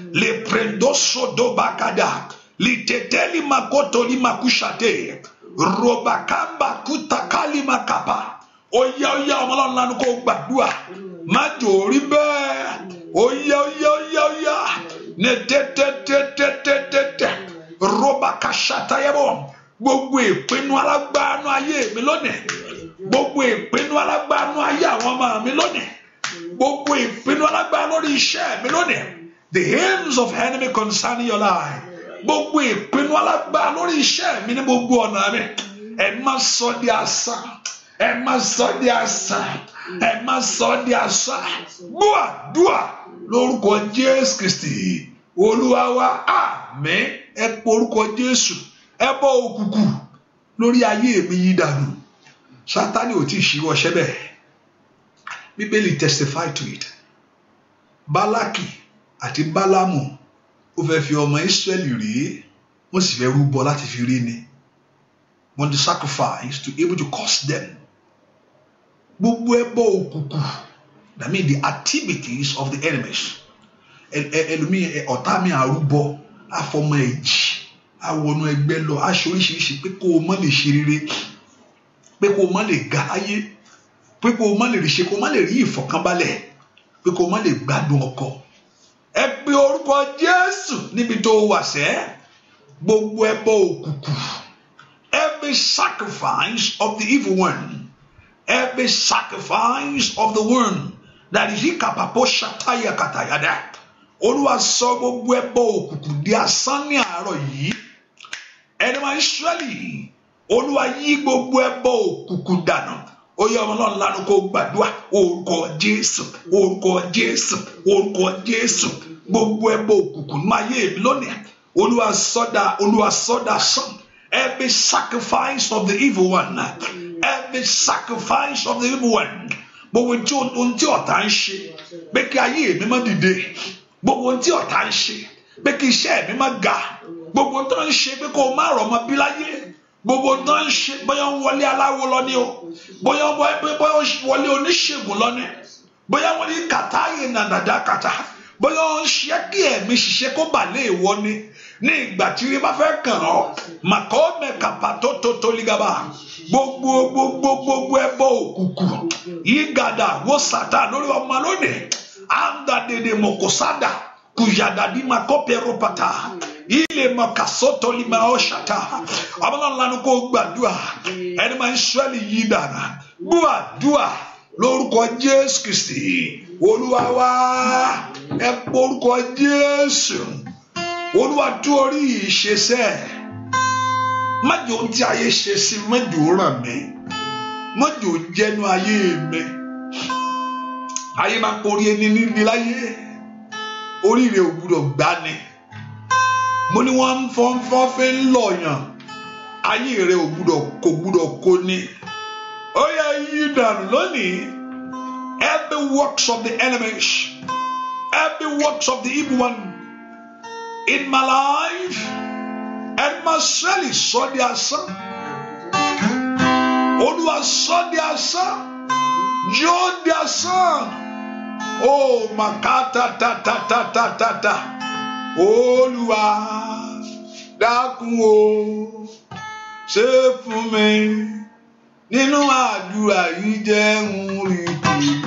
le sodo do bakada liteteli makoto makushate, robakamba kutakali makapa Oya oya ọmọlọ́run lánàá kó gbàdúrà má jò rí oya oya, oyá oyá oyá ní tẹ́tẹ́tẹ́tẹ́tẹ́tẹ́ robakashatayabo gbogbo ìpinnu alágbáánu ayé mi lónìí gbogbo ìpinnu alágbáánu ayé àwọn ọmọ mi lónìí gbogbo ìpinnu alágbáánu lórí iṣẹ́ mi lónìí the aims of enemy concerning your life gbogbo ìpinnu alágbára lórí iṣẹ́ mi ní gbogbo ọ̀nà mi ẹ má sọ di asán ẹ má sọ di asán ẹ má sọ di asán gbúà dúà lórúkọ Jésù Kristi Olúwa wa àmín ẹ pọ orúkọ Jésù ẹ bọ òkùnkùn lórí ayé mi yí dànù Sátánì ò tí ì ṣíwọ́ ṣẹ́bẹ̀ Bíbélì testify to it Bálákì àti bálámù ó fẹ́ fi ọmọ israẹli rèé wọ́n sì fẹ́ rúbọ láti fi rí ni want to sacrifice to able to curse them gbogbo ẹbọ òkùnkùn that mean the activities of the enemies ẹlòmí ọ̀tá mi àrúbọ àfọmọ ẹ̀jì àwọnú ẹgbẹ́ lọ aṣọ oríṣiríṣi pé kó o má lè ṣe rere pé kó o má lè ga ayé pé kó o má lè ṣe kó o má lè rí ìfọ̀kànbalẹ̀ pé kó o má lè gbádùn ọkọ ẹ pe orúkọ jésù níbi tó wà sẹ́ gbogbo ẹbọ òkùnkùn every sacrifice of the evil one every sacrifice of the one that is ikapapo shataya katayada olúwa sọ gbogbo ẹbọ òkùnkùn di asán ní àárọ̀ yìí ẹni máa ń ṣẹlẹ̀ olúwa yí gbogbo ẹbọ òkùnkùn dànù ó yẹ ọmọ náà lánàá kó gbàdúrà orúkọ jésù orúkọ jésù orúkọ jésù gbogbo ẹbọ òkùnkùn nínú ayé mi lónìí olúwa sọdá olúwa sọdá sàn every sacrifice of the evil one every sacrifice of the evil one gbogbo tí ohun tí ọ̀tá ń ṣe pé kí ayé mi má dìde gbogbo ohun tí ọ̀tá ń ṣe pé kí iṣẹ́ mi má ga gbogbo ohun tó ń ṣe pé kó o má rọ̀ ọmọ bí láyé gbogbo náà ń ṣe bóyá ń wọlé aláwo lọ ní o bóyá ń wọlé oníṣègùn lọ ní bóyá wọ́n ní kàtá yìí nàdàdà kàtá bóyá ń ṣe kí ẹ̀mí ṣiṣẹ́ kó bà lè wọ ni ní ìgbà tí rí bá fẹ́ kàn ọ́ màkọ́ mẹ́kàpà tó tó tó lígàbà gbogbo gbogbo gbogbo ẹbọ òkùnkùn yìí gàdà wó sàtà lórí ọmọ lónìí àǹdà dèdè mọ̀kọ́sádà kùyàdà bí màkọ́ pẹ̀rọ pàtà ilé makasoto lima ọ̀ṣàtà ọmọlọ́nà ni kò gbàdúrà ẹni máa ń sọ́ọ̀lì yìí dára gbúàdúà lórúkọ Jésù Kristi Olúwa wa ẹ porúkọ Jésù Olúwa tó orí ìṣesẹ́ májò tí ayé ṣe sí májò ràn mí májò jẹnu ayé mi ayé máa porí ẹni níbi láyé oríire ò gbúdọ̀ gbani mo ní wọ́n ń fọ́nfọ́n fi ń lọ̀yàn ayé rẹ ò gbúdọ̀ kò gbúdọ̀ kó ní ó yẹ yí dànù lónìí every works of the enemies every works of the evil one in my life and my cell is sọ di asán olúwa sọ di asán yóò di asán oh my God. ta ta ta ta ta ta. ta olúwa dákun o ṣe fún mi nínú àdúrà yìí jẹ́ ń rí i.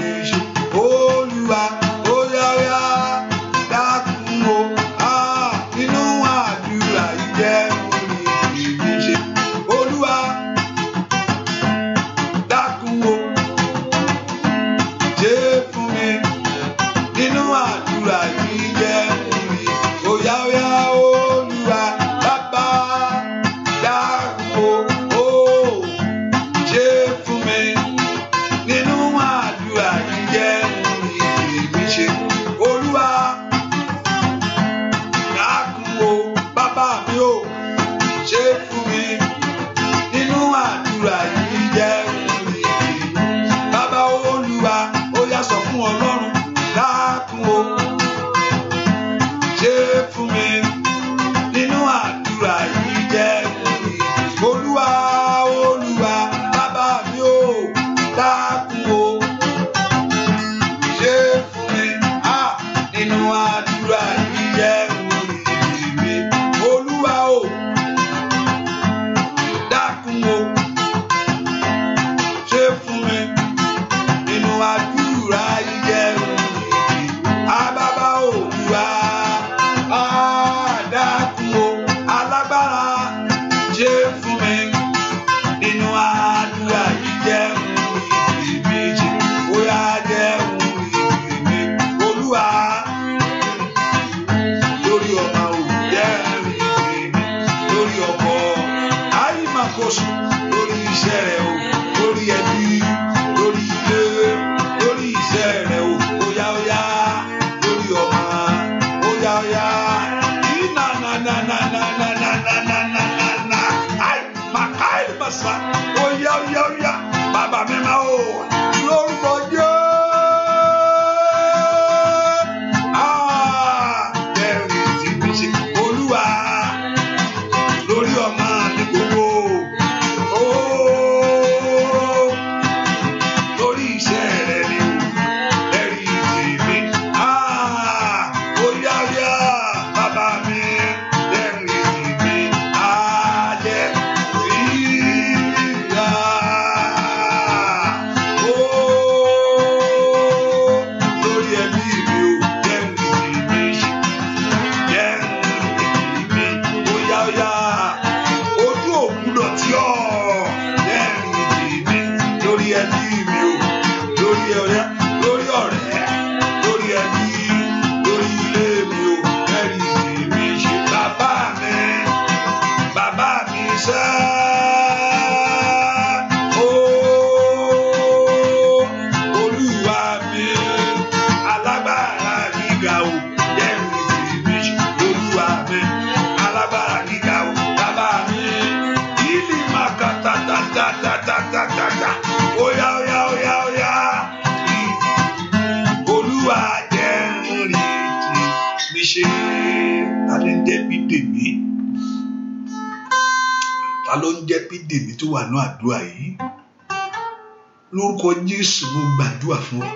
lórúkọ jésù mo gbàdúrà fún ọ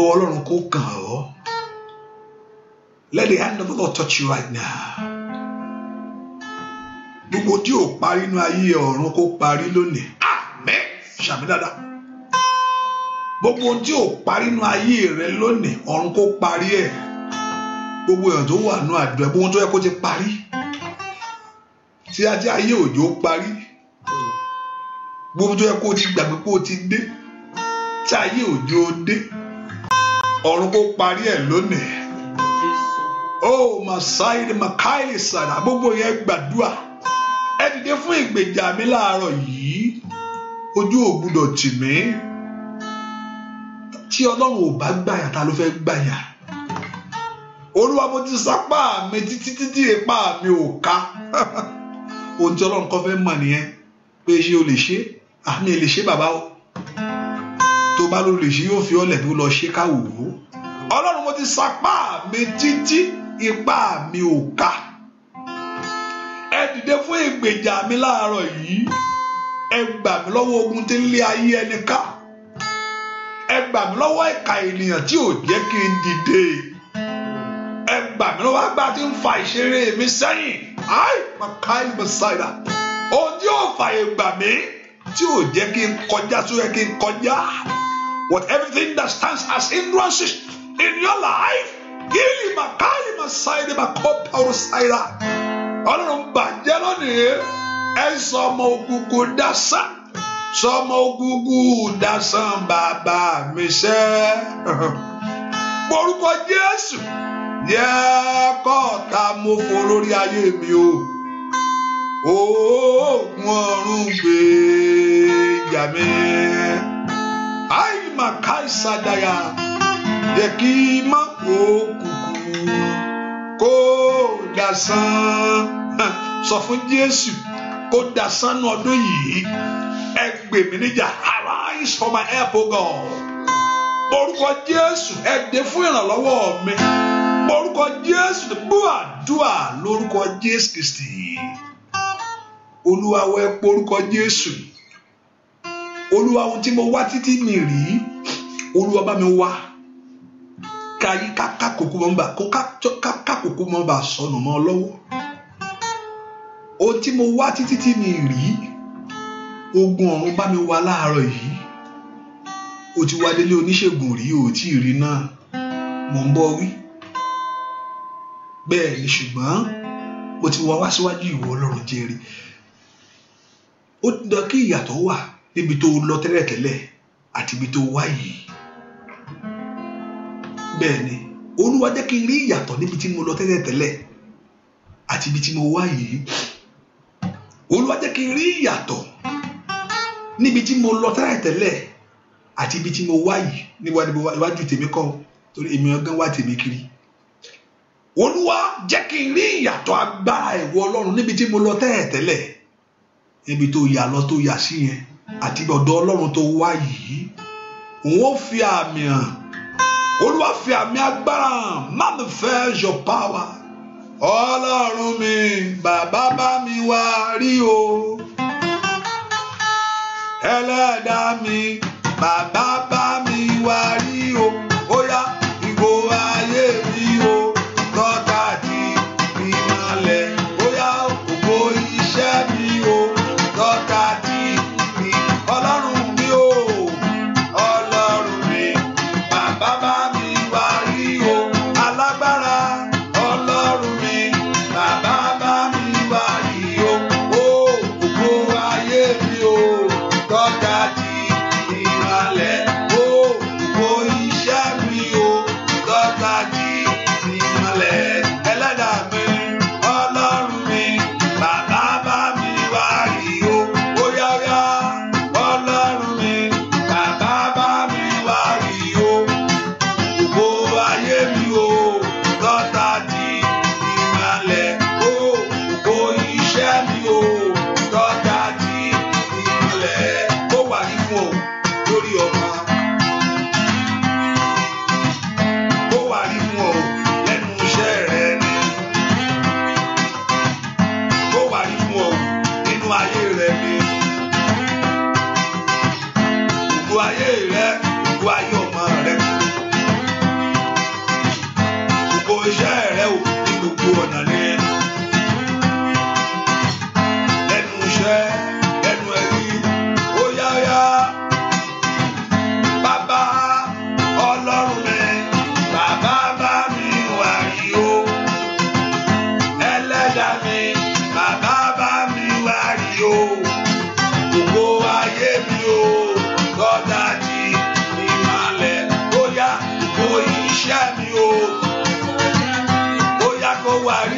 ọwọ́ ọlọ́run kò kàn ọ́ let the hand of God touch you right now gbogbo tí ò parí inú ayé ọ̀run kó parí lónìí àmín ṣàmì dáadáa gbogbo tí ò parí inú ayé rẹ lónìí ọ̀run kó parí ẹ̀ gbogbo èèyàn tó wà nù àdúrà gbogbo tó yẹ kó ti parí tí ajé ayé òjò parí gbogbo tó yẹ kó o ti gbàgbé kó o ti dé tí ayé òjò o dé ọ̀run kó parí ẹ̀ lónìí ó masáyìí makáyìí sàrà gbogbo yẹn gbàdúrà ẹ dìde fún ìgbèjà mi láàárọ̀ yìí ojú ò tì mí tí ọlọ́run ò bá gbàyà ta ló fẹ́ gbàyà olúwa mo ti sápá mi títí títí ipá mi ò ká ohun tí ọlọ́run kọ́ fẹ́ mọ̀ nìyẹn pé ṣé o lè ṣe é àmì ah, lè ṣe bàbá o tó bá ló lè ṣe yóò fi ọlẹ̀ tó lọ ṣe káwò ó ọlọ́run mo ti sapá mi títí ipá mi ò ká ẹ dìde fún ìgbèjà mi láàárọ̀ yìí ẹ gbà mí lọ́wọ́ ogun tí ń lé ayé ẹni ká ẹ gbà mí lọ́wọ́ ìka ènìyàn tí ò jẹ́ kí n dìde ẹ gbà mí lọ́wọ́ agbá tí ń fa ìṣeré mi sẹ́yìn ai makai messiah ohun tí yóò fààyè gbà mí tí ò jẹ́ kí n kọjá tó yẹ kí n kọjá what everything that stands as hindrances in your life gíìlì màkàlì màsáyidé màkọ́pà ọ̀rọ̀sáyidá ọlọ́run bàjẹ́ lónìí ẹ sọ ọmọ ògùngùn dasán sọ ọmọ ògùngùn dasán bàbá mi sẹ́ orúkọ jésù yẹ kọ́ọ̀ta mo fò lórí ayé mi o oògùn ọ̀run gbèjà mi. àìmà káìsàdáyà yẹ kí má òkùnkùn kó dasán sọ fún Jésù kó dasán nu ọdún yìí ẹ gbè mí níjà arise for my help o God orúkọ Jésù ẹ dé fún ìrànlọ́wọ́ mi orúkọ Jésù bú àdúrà lórúkọ Jésù Kristi olúwa wọ ẹ porúkọ jésù olúwa ohun tí mo wá títí mi rí olúwa bá mi wá káyí kákòkò mọ́ bá kákòkò mọ́ bá sọnù mọ́ lọ́wọ́ ohun tí mo wá títí tí mi rí ogun ọ̀run bá mi wá láàárọ̀ yìí o ti wá délé oníṣègùn rí o tí ì rí náà mò ń bọ̀ wí bẹ́ẹ̀ ni ṣùgbọ́n o ti wá wá síwájú ìwọ ọlọ́run jẹ́rìí ó dandan kí ìyàtọ̀ wà níbi tó lọ tẹ́lẹ̀tẹ́lẹ̀ àti ibi tó wá yìí bẹ́ẹ̀ ni olúwa jẹ́ kí n rí ìyàtọ̀ níbi tí mo lọ tẹ́lẹ̀tẹ́lẹ̀ àti ibi tí mo wá yìí olúwa jẹ́ kí n rí ìyàtọ̀ níbi tí mo lọ tẹ́lẹ̀tẹ́lẹ̀ àti ibi tí mo wá yìí níwájú tèmi kọ́ torí èmi ọgán wá tèmi kiri olúwa jẹ́ kí n rí ìyàtọ̀ agbára ìwọ ọlọ́run níbi tí mo lọ tẹ́lẹ̀tẹ́lẹ̀ ibi tó yà lọ tó yà sí yẹn àti ọ̀dọ̀ ọlọ́run tó wá yìí òun ó fi àmì hàn olúwa fi àmì agbára hàn manifest your power ọlọ́run mi bàbá bá mi wá rí o ẹlẹ́dàá mi bàbá bá mi wá rí o ó yá.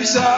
Jesus. Uh,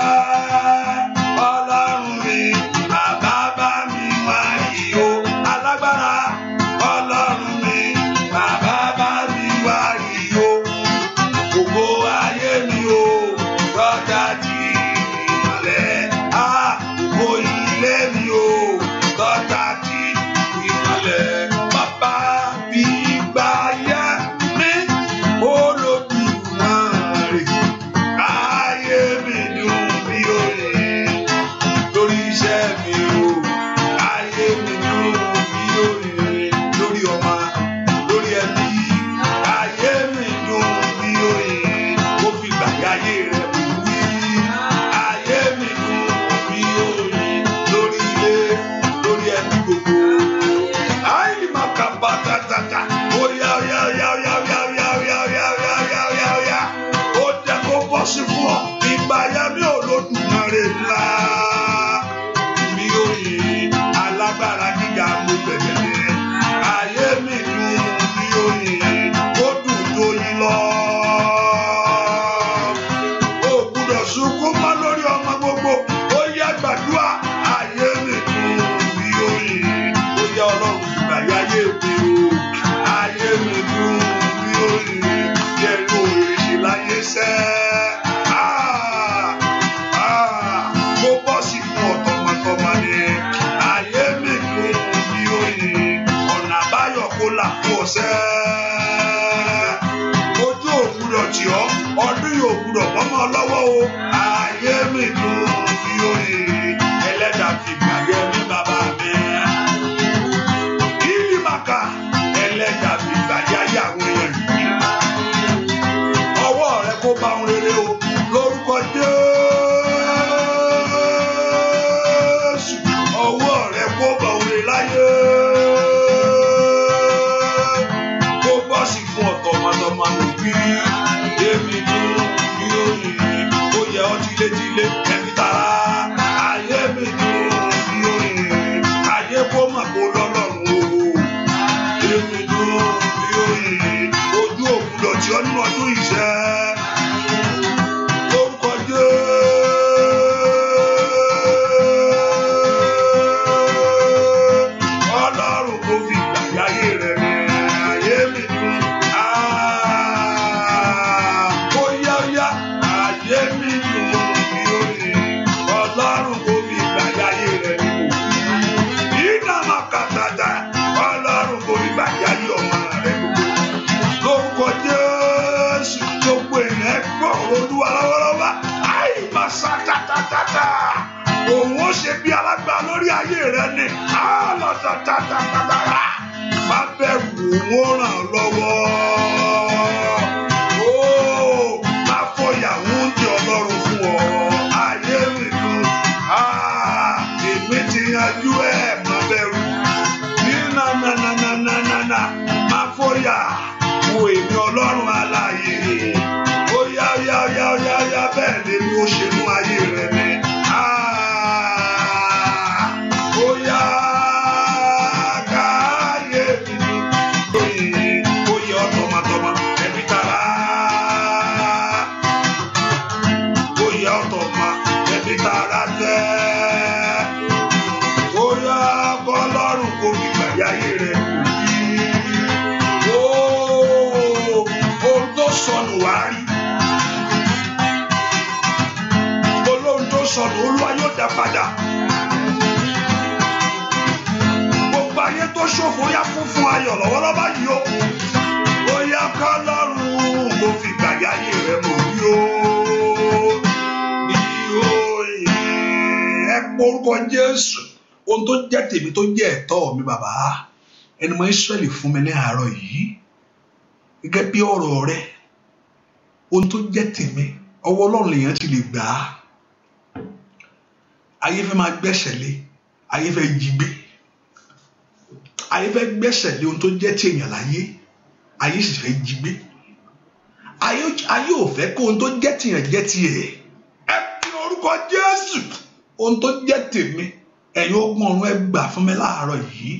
ọmọ mi. Èmi ni mi ò ní ó yẹ ọ́ tílétílé ẹ̀mí tara. Ayé mi ni mi ò ní ayé kó mọ̀ kó lọ́lọ́run o. Èmi ni mi ọdún yìí. pátápátá má bẹ̀rù wọ́n ràn padà. gbogbo ayé tó ṣòfò yá kún fún ayọ̀ lọ́wọ́lọ́wọ́ yìí o. ó yá ká lọ́rùn kó fi gbàgbé ayé rẹ̀ mọ̀ bí o. bí o ẹ porúkọ Jésù ohun tó jẹ́ tèmi tó jẹ́ ẹ̀tọ́ mi bàbá ẹni mọ Ísírẹ́lì fún mi ní àárọ̀ yìí gẹ́gẹ́ bí ọ̀rọ̀ rẹ̀ ohun tó jẹ́ tèmi ọwọ́ Ọlọ́run lèèyàn ti lè gbà á ayé fẹ́ máa gbẹ́sẹ̀ lé ayé fẹ́ jí gbé ayé fẹ́ gbẹ́sẹ̀ lé ohun tó jẹ́ ti èèyàn láyé ayé sì fẹ́ jí gbé ayé ò fẹ́ kó ohun tó jẹ́ ti èèyàn jẹ́ ti ẹ̀ ẹ fi orúkọ Jésù ohun tó jẹ́ tèmi ẹ̀yin ogun ọ̀run ẹ gbà fún mi láàárọ̀ yìí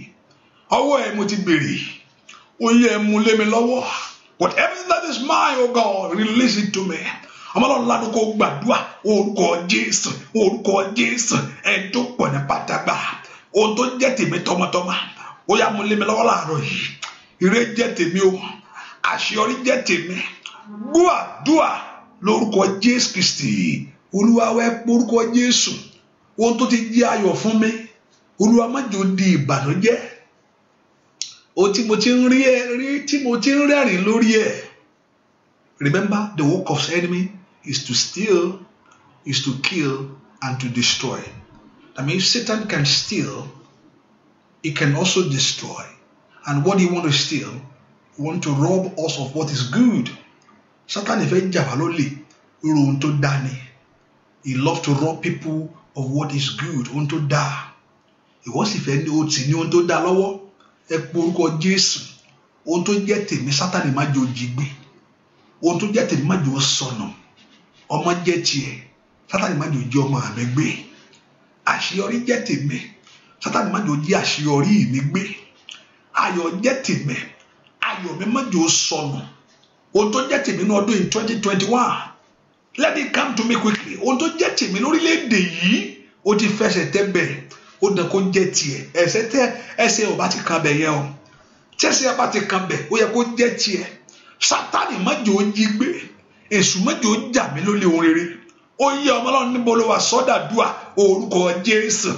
ọwọ́ ẹ mo ti béèrè oyè ẹ mú lé mi lọ́wọ́ whatever that is mine o oh God release it to me ọmọlọ́run ládùn kó gbàdúrà orúkọ jésù orúkọ jésù ẹni tó pọ̀ ní pátágbà ohun tó jẹ́ tèmi tọmọtọmọ ó yá mú lé mi lọ́wọ́ láàárọ̀ yìí ire jẹ́ tèmi o àṣeyọrí jẹ́ tèmi gbúàdúà lórúkọ jésù kristi olúwa wẹ́ orúkọ jésù ohun tó ti jẹ́ ayọ̀ fún mi olúwa má jò di ìbànújẹ́ o tí mo ti ń rí ẹ rí tí mo ti ń rẹ́rìn lórí ẹ remember the work of enemy is to steal, is to kill, and to destroy. I mean, if Satan can steal, he can also destroy. And what he want to steal, he want to rob us of what is good. Satan fẹ́ jà wá He love to rob people of what is good, want tó dá. He sì fẹ́ ní o tì ní ohun tó dá lọ́wọ́. Ẹ pe orúkọ Jésù. Ohun tó get tèmi Sátánì má jò jí tó get tèmi má jò sọnù. ọmọ jẹ́ tiẹ̀ sátani má jò jẹ́ ọmọ mi gbé àṣeyọrí jẹ́ tèmi sátani má jò jẹ́ àṣeyọrí mi gbé ayọ̀ jẹ́ tèmi ayọ̀ mi má jò sọnù ohun tó jẹ́ tèmi ní ọdún yìí twenty twenty one let it come to me quickly ohun tó jẹ́ tèmi lórílẹ̀‐èdè yìí ó ti fẹsẹ̀ tẹ́ bẹ̀rẹ̀ ó dàn kó jẹ́ tiẹ̀ ẹsẹ̀ tẹ ẹsẹ̀ ò bá ti kan bẹ̀ yẹn o tẹ́sẹ̀ bá ti kan bẹ̀ ó yẹ kó jẹ́ tiẹ̀ sátani má jò jí gbé èṣù méjì ó jà mí lólè ohun rere ó yẹ ọmọ ọlọ́run níbo ló wà sọ́dàdúà orúkọ jésù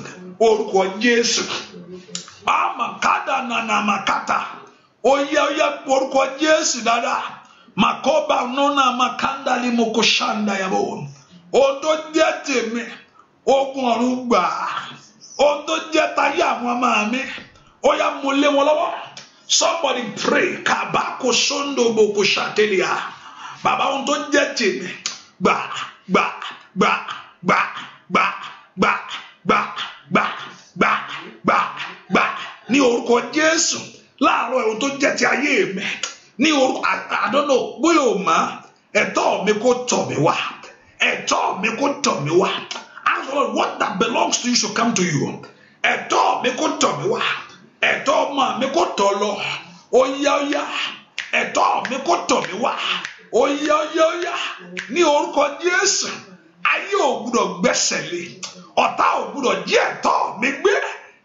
orúkọ jésù amakada nanamakata ó yẹ ó yẹ orúkọ jésù dáadáa makoba nuna makandali mokoshanda yabo ohun tó tèmi ogun ọ̀run gbà ohun tó jẹ́ táyé àwọn ọmọ mi ó mo lé wọn somebody pray bàbá ohun tó jẹ́ tèmi gbà gbà gbà gbà gbà gbà gbà gbà gbà gbà gbà ní orúkọ Jésù láàárọ̀ ohun tó jẹ́ ti ayé mi ní orúkọ àdánù bóyá ò mọ̀ ẹ̀tọ́ mi kò tọ̀ mí wá ẹ̀tọ́ mi kò tọ̀ mí wá as well what that belongs to you should come to you ẹ̀tọ́ mi kò tọ̀ mí wá ẹ̀tọ́ ọmọ mi kò tọ̀ lọ ó yá ó yá ẹ̀tọ́ mi kò tọ̀ mí wá oyáyáyá ní orúkọ Jésù ayé ò gbúdọ̀ gbẹ́sẹ̀ lé ọ̀tá ò gbúdọ̀ jí ẹ̀tọ́ mi gbé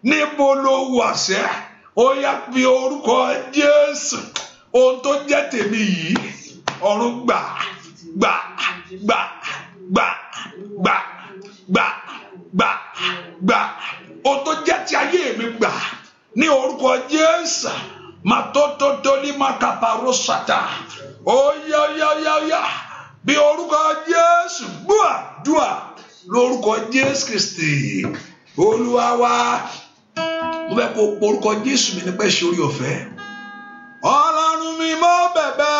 níbo ló wà sẹ́ ó yá fi orúkọ Jésù ohun tó jẹ́ tèmi yìí ọ̀run gbà gbà gbà gbà gbà gbà gbà gbà ohun tó jẹ́ ti ayé mi gbà ní orúkọ Jésù màtótótólí màkàpàrọ̀ sàtà óyáyáyáyá bí orúkọ jésù gbúà dùà lórúkọ jésù kristi olúwa wa mo fẹ́ kó orúkọ jésù mi nípa ìṣe orí ọ̀fẹ́ ọlọ́run mi mo bẹ̀bẹ̀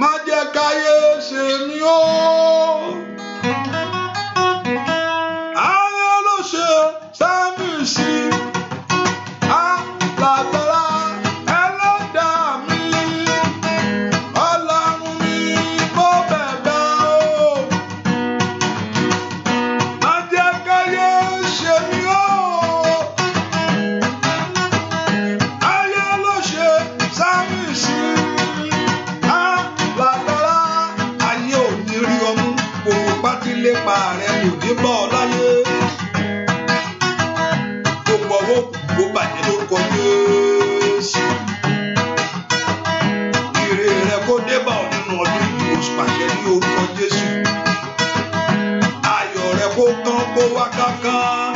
má jẹ́ káyé ṣe mí o. Welcome.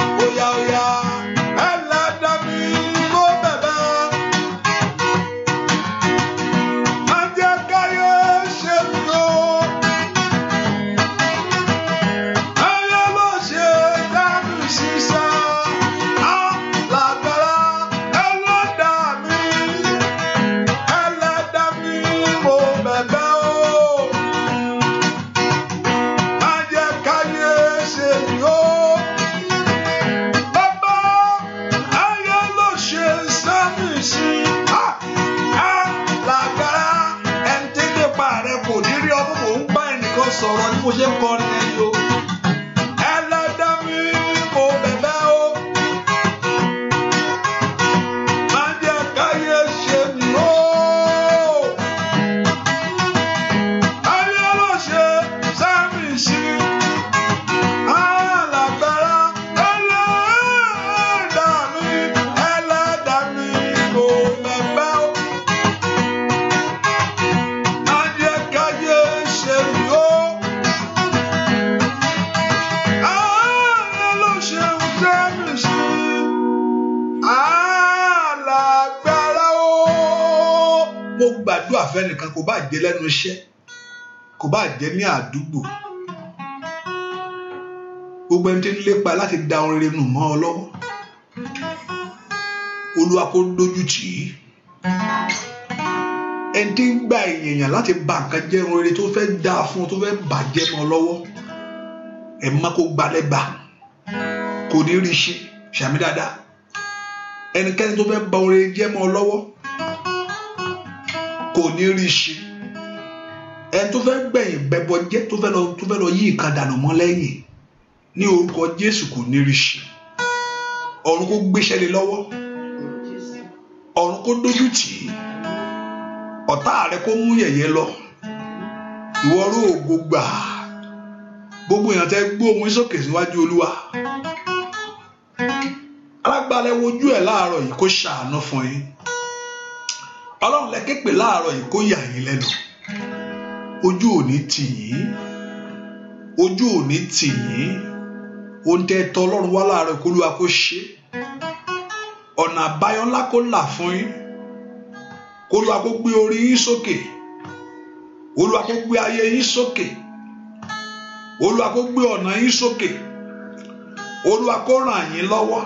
iṣẹ́ kò bá jẹ́ ní àdúgbò gbogbo ẹni tí ń lépa láti da orin rẹ̀ nù mọ́ ọ lọ́wọ́ olúwa kó dojú tì í ẹni tí ń gba èèyàn láti ba nǹkan jẹ́ orin tó fẹ́ da fún tó fẹ́ bàjẹ́ mọ́ ọ lọ́wọ́ ẹ̀ má kó gbalẹ́gbà kò ní rí ṣe ṣàmì dáadáa ẹnikẹ́ni tó fẹ́ ba orin jẹ́ mọ́ ọ lọ́wọ́ kò ní rí ṣe ẹ tó fẹ́ gbẹ̀yìn bẹbọ jẹ́ tó fẹ́ lọ tó fẹ́ lọ yí ìkan dànù mọ́ lẹ́yìn ní orúkọ Jésù kò ní rí sí ọ̀run kó gbéṣẹ́ lé lọ́wọ́ ọ̀run kó dójú tì í ọ̀tá rẹ kó mú yẹ̀yẹ́ lọ ìwọ ró ògo gbà gbogbo èèyàn tẹ gbó ohùn sókè síwájú Olúwa alágbálẹ̀ wojú ẹ̀ láàárọ̀ yìí kó ṣàánú fún yín Ọlọ́run lẹ láàárọ̀ yìí kó yà yín lẹ́nu ojú ò ní tì yín ojú ò ní tì yín ohun tẹ́ tọ́ ọlọ́run wá láàárọ̀ kó lúwa kó ṣe ọ̀nà àbáyọ ńlá kó là fún yín kó lúwa kó gbé orí yín sókè olúwa kó gbé ayé yín sókè olúwa kó gbé ọ̀nà yín sókè olúwa kó ràn yín lọ́wọ́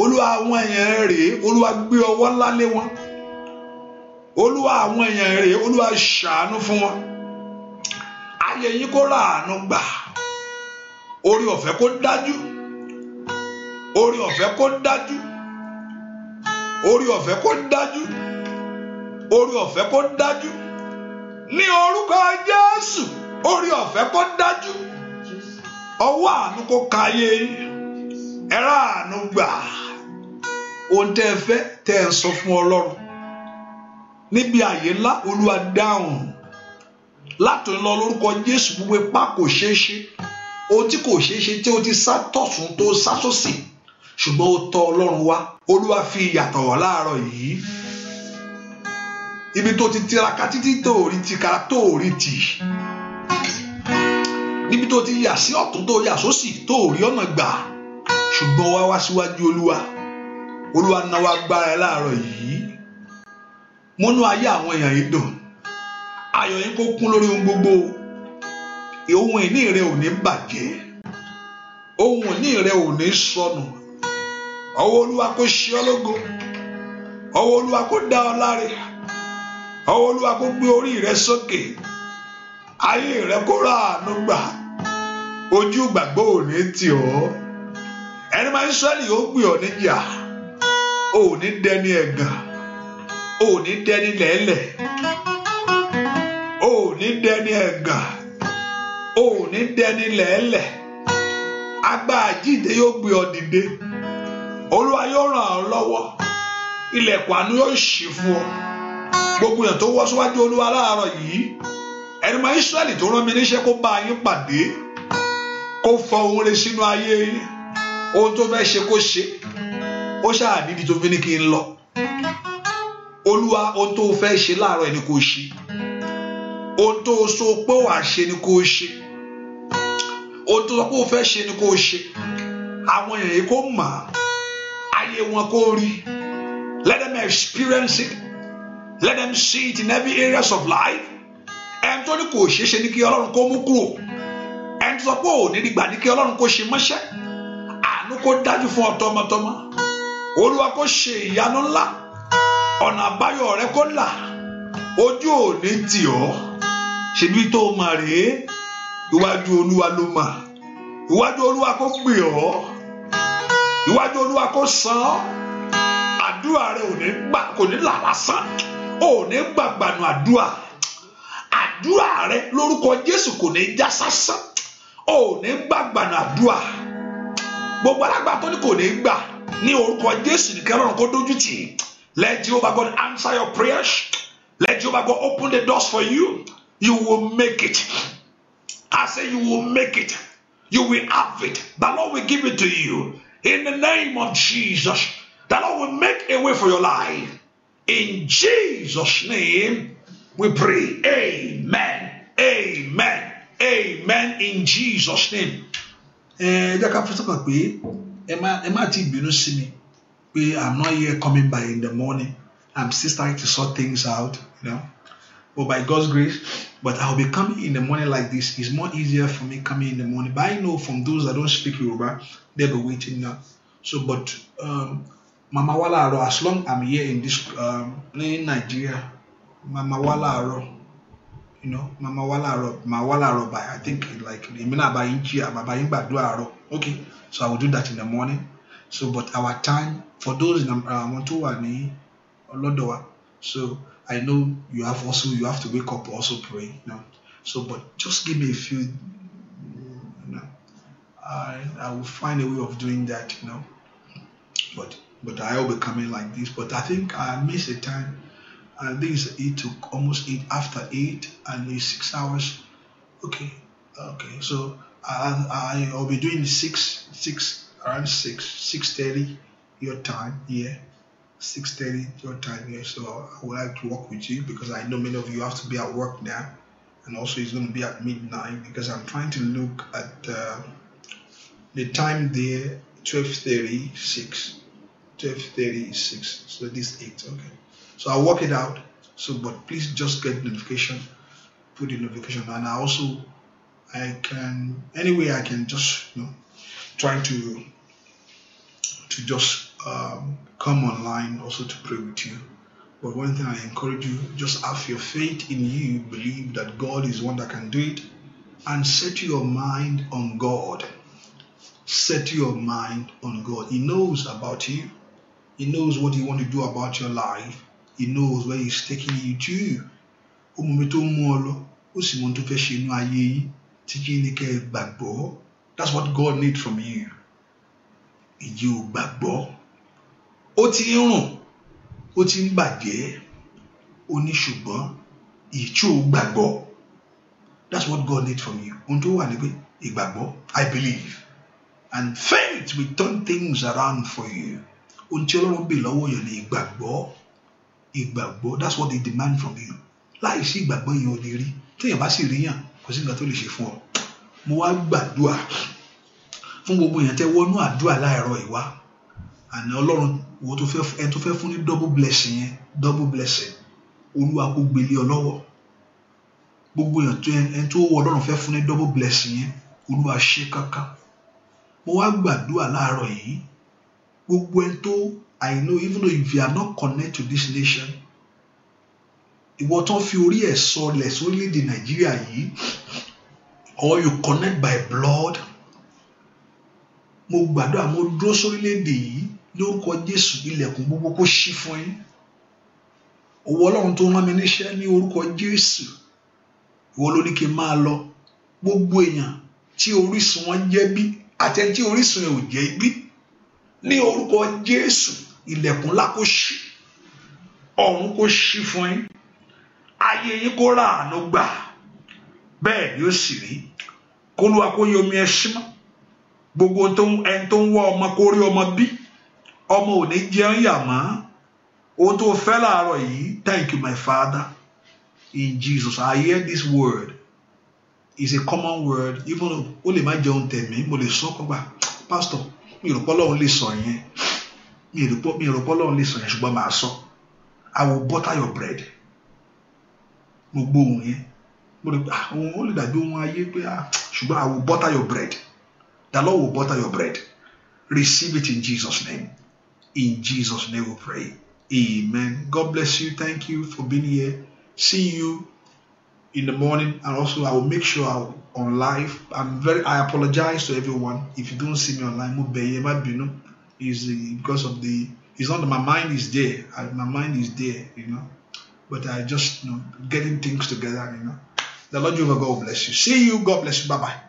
olúwa àwọn èèyàn rèé olúwa gbé ọwọ́ ńlá lé wọn olúwa àwọn èèyàn rèé olúwa ṣàánú fún wọn ayé yín kó ràánú gbà orí ọ̀fẹ́ kó dájú orí ọ̀fẹ́ kó dájú orí ọ̀fẹ́ kó dájú orí ọ̀fẹ́ kó dájú ní orúkọ Jésù orí ọ̀fẹ́ kó dájú ọwọ́ àánú kó káyé ẹ ràánú gbà ohun tẹ́ ẹ fẹ́ tẹ́ ẹ sọ fún Ọlọ́run níbi àyè ńlá olúwa dáhùn láti lọ lórúkọ jésù gbogbo ipá kò ṣeé ṣe ohun tí kò ṣeé ṣe tí o ti sá tọ̀sùn tó sá sósì ṣùgbọ́n o tọ̀ ọlọ́run wá olúwa fi ìyàtọ̀ wá láàárọ̀ yìí ibi tó ti tiraka títí tó rí ti kara tó rí tì níbi tó ti yà sí ọ̀tún tó yà sósì tó rí ọ̀nà gbà ṣùgbọ́n wá wá síwájú olúwa olúwa náwó agbára ẹ láàárọ̀ yìí múnú ayé àwọn èèyàn yìí dùn ayọ̀ yín kó kún lórí ohun gbogbo ohun ìní rẹ ò ní bàjẹ́ ohun ìní rẹ ò ní sọnù ọwọ́ olúwa kó ṣe ọ́ lógo ọwọ́ olúwa kó dá ọ láre ọwọ́ olúwa kó gbé orí rẹ sókè ayé rẹ kó ráàánú gbà ojú gbàgbọ́ ò ní tì ọ́ ẹni máa ń sọ́ọ̀lì ó gbé ọ níjà ò ní dẹni ẹ̀gàn ò ní dẹni lẹ́lẹ̀ ò ní dẹni ẹ̀gàn ò ní dẹni lẹ́lẹ̀ agbára jíde yóò gbé ọ dìde olúwa yóò ràn ọ́ lọ́wọ́ ilẹ̀kùn àánú yóò ṣí fún ọ gbogbo èèyàn tó wọ́ síwájú olúwa láàárọ̀ yìí ẹni mọ Ísírẹ́lì tó rán mi níṣẹ́ kó bá yín pàdé kó fọ ohun rẹ̀ sínú ayé ohun tó fẹ́ ṣe kó ṣe ó ṣáà nídìí tó fi ní kí n lọ olúwa ohun tó o fẹ́ ṣe láàárọ̀ ni kò ṣe ohun tó o sọ pé wàá ṣe ni kò ṣe ohun tó sọ pé o fẹ́ ṣe ni kò ṣe àwọn èèyàn yìí kò mọ̀ ayé wọn kò rí let them experience it let them see it in every areas of life ẹni tó ní kò ṣe ṣe ni kí ọlọ́run kó mú kúrò ẹni tó sọ pé ò ní dìgbà ní kí ọlọ́run kó ṣe mọ́ṣẹ́ àánú kó dájú fún ọ tọmọtọmọ olúwa kó ṣe ìyanu ńlá ọ̀nà àbáyọ rẹ kó là ojú ò ní tì ọ́ ṣèbí tó o mà rèé iwájú olúwa ló mà iwájú olúwa kó gbè ọ́ iwájú olúwa kó san ọ́ àdúrà rẹ ò ní gbà kò ní là lásán ò ní gbàgbànú àdúrà àdúrà rẹ lórúkọ Jésù kò ní já sásán ò ní gbàgbànú àdúrà gbogbo alágbàtọ́ ni kò ní gbà ní orúkọ Jésù nìkan lọ́run kó dójú tì í Let Jehovah God answer your prayers. Let Jehovah God open the doors for you. You will make it. I say you will make it. You will have it. The Lord will give it to you. In the name of Jesus, the Lord will make a way for your life. In Jesus' name, we pray. Amen. Amen. Amen. In Jesus' name. Eh, ẹ pé i'm not here coming by in the morning i'm still starting to sort things out you know but by God's grace but I'll be coming in the morning like this it's more easier for me coming in the morning but i know from those that don't speak Yoruba they'll be waiting now so but um, mama wa láàárọ̀ as long i'm here in this um, in Nigeria mama wala láàárọ̀ you know mama wala láàárọ̀ mama by i think like èmi náà bá yín jí àbàbá yín gbàdúrà okay so i will do that in the morning so but our time for those in uh, tó wà so I know you have also you have to wake up also pray you know? so but just give me a few you know, I, I will find a way of doing that you know but but I will be coming like this but I think I miss the time and uh, it took almost eight after eight and it's six hours okay okay so I, I I'll be doing six six around 6, 6.30 your time here. 6.30 your time here. So I would like to work with you because I know many of you have to be at work now. And also it's going to be at midnight because I'm trying to look at uh, the time there, 12.30, 6. 6. So this 8, okay. So I'll work it out. So, but please just get notification. Put the notification. And I also, I can, anyway, I can just, you know, trying to to just um, come online also to pray with you. But one thing I encourage you just have your faith in you, believe that God is one that can do it, and set your mind on God. Set your mind on God. He knows about you, He knows what He want to do about your life, He knows where He's taking you to. ó mú mi tó that's what God need from you ìjì ò gbàgbọ́ ó ti ń rùn ó ti ń bàjẹ́ ó ní ṣùgbọ́n ìjì ò gbàgbọ́ that's what God need from you ohun tó wà ní pé ìgbàgbọ́ I believe and faith will turn things around for you ohun tí Ọlọ́run bè lọ́wọ́ yẹn ni ìgbàgbọ́ ìgbàgbọ́ that's what they demand from you láì sí ìgbàgbọ́ yẹn ò lè rí téèyàn bá sì rí yàn kò sí nǹkan tó lè ṣe fún ọ mo wá gbàdúrà fún gbogbo èèyàn tẹ wọnú àdúrà láàárọ̀ ìwá àná ọlọ́run wo tó fẹ́ ẹ tó fẹ́ fún ní double blessing yẹn double blessing olúwa kó gbélé ọ lọ́wọ́ gbogbo èèyàn tó ẹ tó wọ ọlọ́run fẹ́ fún ní double blessing yẹn olúwa ṣe kankan mo wá gbàdúrà láàárọ̀ yìí gbogbo ẹ tó I know even though if you are not connected to this nation ìwọ tán fi orí ẹ̀ sọlẹ̀ sórílẹ̀-èdè Nàìjíríà yìí or you connect by blood mo gbàdúrà mo dúró sórílẹ̀-èdè yìí lórúkọ Jésù ilẹ̀kùn gbogbo kó ṣí fún yín òwò Ọlọ́run tó rán mi níṣẹ́ ní orúkọ Jésù ìwọ ló ní kí n máa lọ gbogbo èèyàn tí orísun wọn jẹ́ bí àtẹni tí orísun rẹ̀ ò jẹ́ bí ní orúkọ Jésù ilẹ̀kùn ńlá ṣí ọ̀run kó ṣí fún yín ayé yín kó ràánú gbà bẹ́ẹ̀ ni ó sì rí kólúwa kó yọ omi ẹ mọ́ gbogbo ẹni tó ń wá ọmọ kó rí ọmọ bí ọmọ ò ní jẹun yà mọ́ ohun tó fẹ́ láàárọ̀ yìí thank you my father in Jesus I hear this word is a common word even ó lè má jẹun tẹ̀mí mo lè sọ kọ́ gbà pastor mi rò pọ́lọ́run lè sọ yẹn mi rò pọ́lọ́run lè sọ yẹn ṣùgbọ́n màá sọ I will butter your bread mo gbóhùn yẹn mo rò pé ah òun ó lè dàbí ohun ayé pé ah, ṣùgbọ́n I will butter your bread. The Lord will butter your bread. Receive it in Jesus' name. In Jesus' name we pray. Amen. God bless you. Thank you for being here. See you in the morning. And also, I will make sure I'll on live. I'm very. I apologize to everyone if you don't see me online. Mubeyema is uh, because of the. It's not my mind is there. my mind is there. You know, but I just you know getting things together. You know, the Lord Jehovah God bless you. See you. God bless you. Bye bye.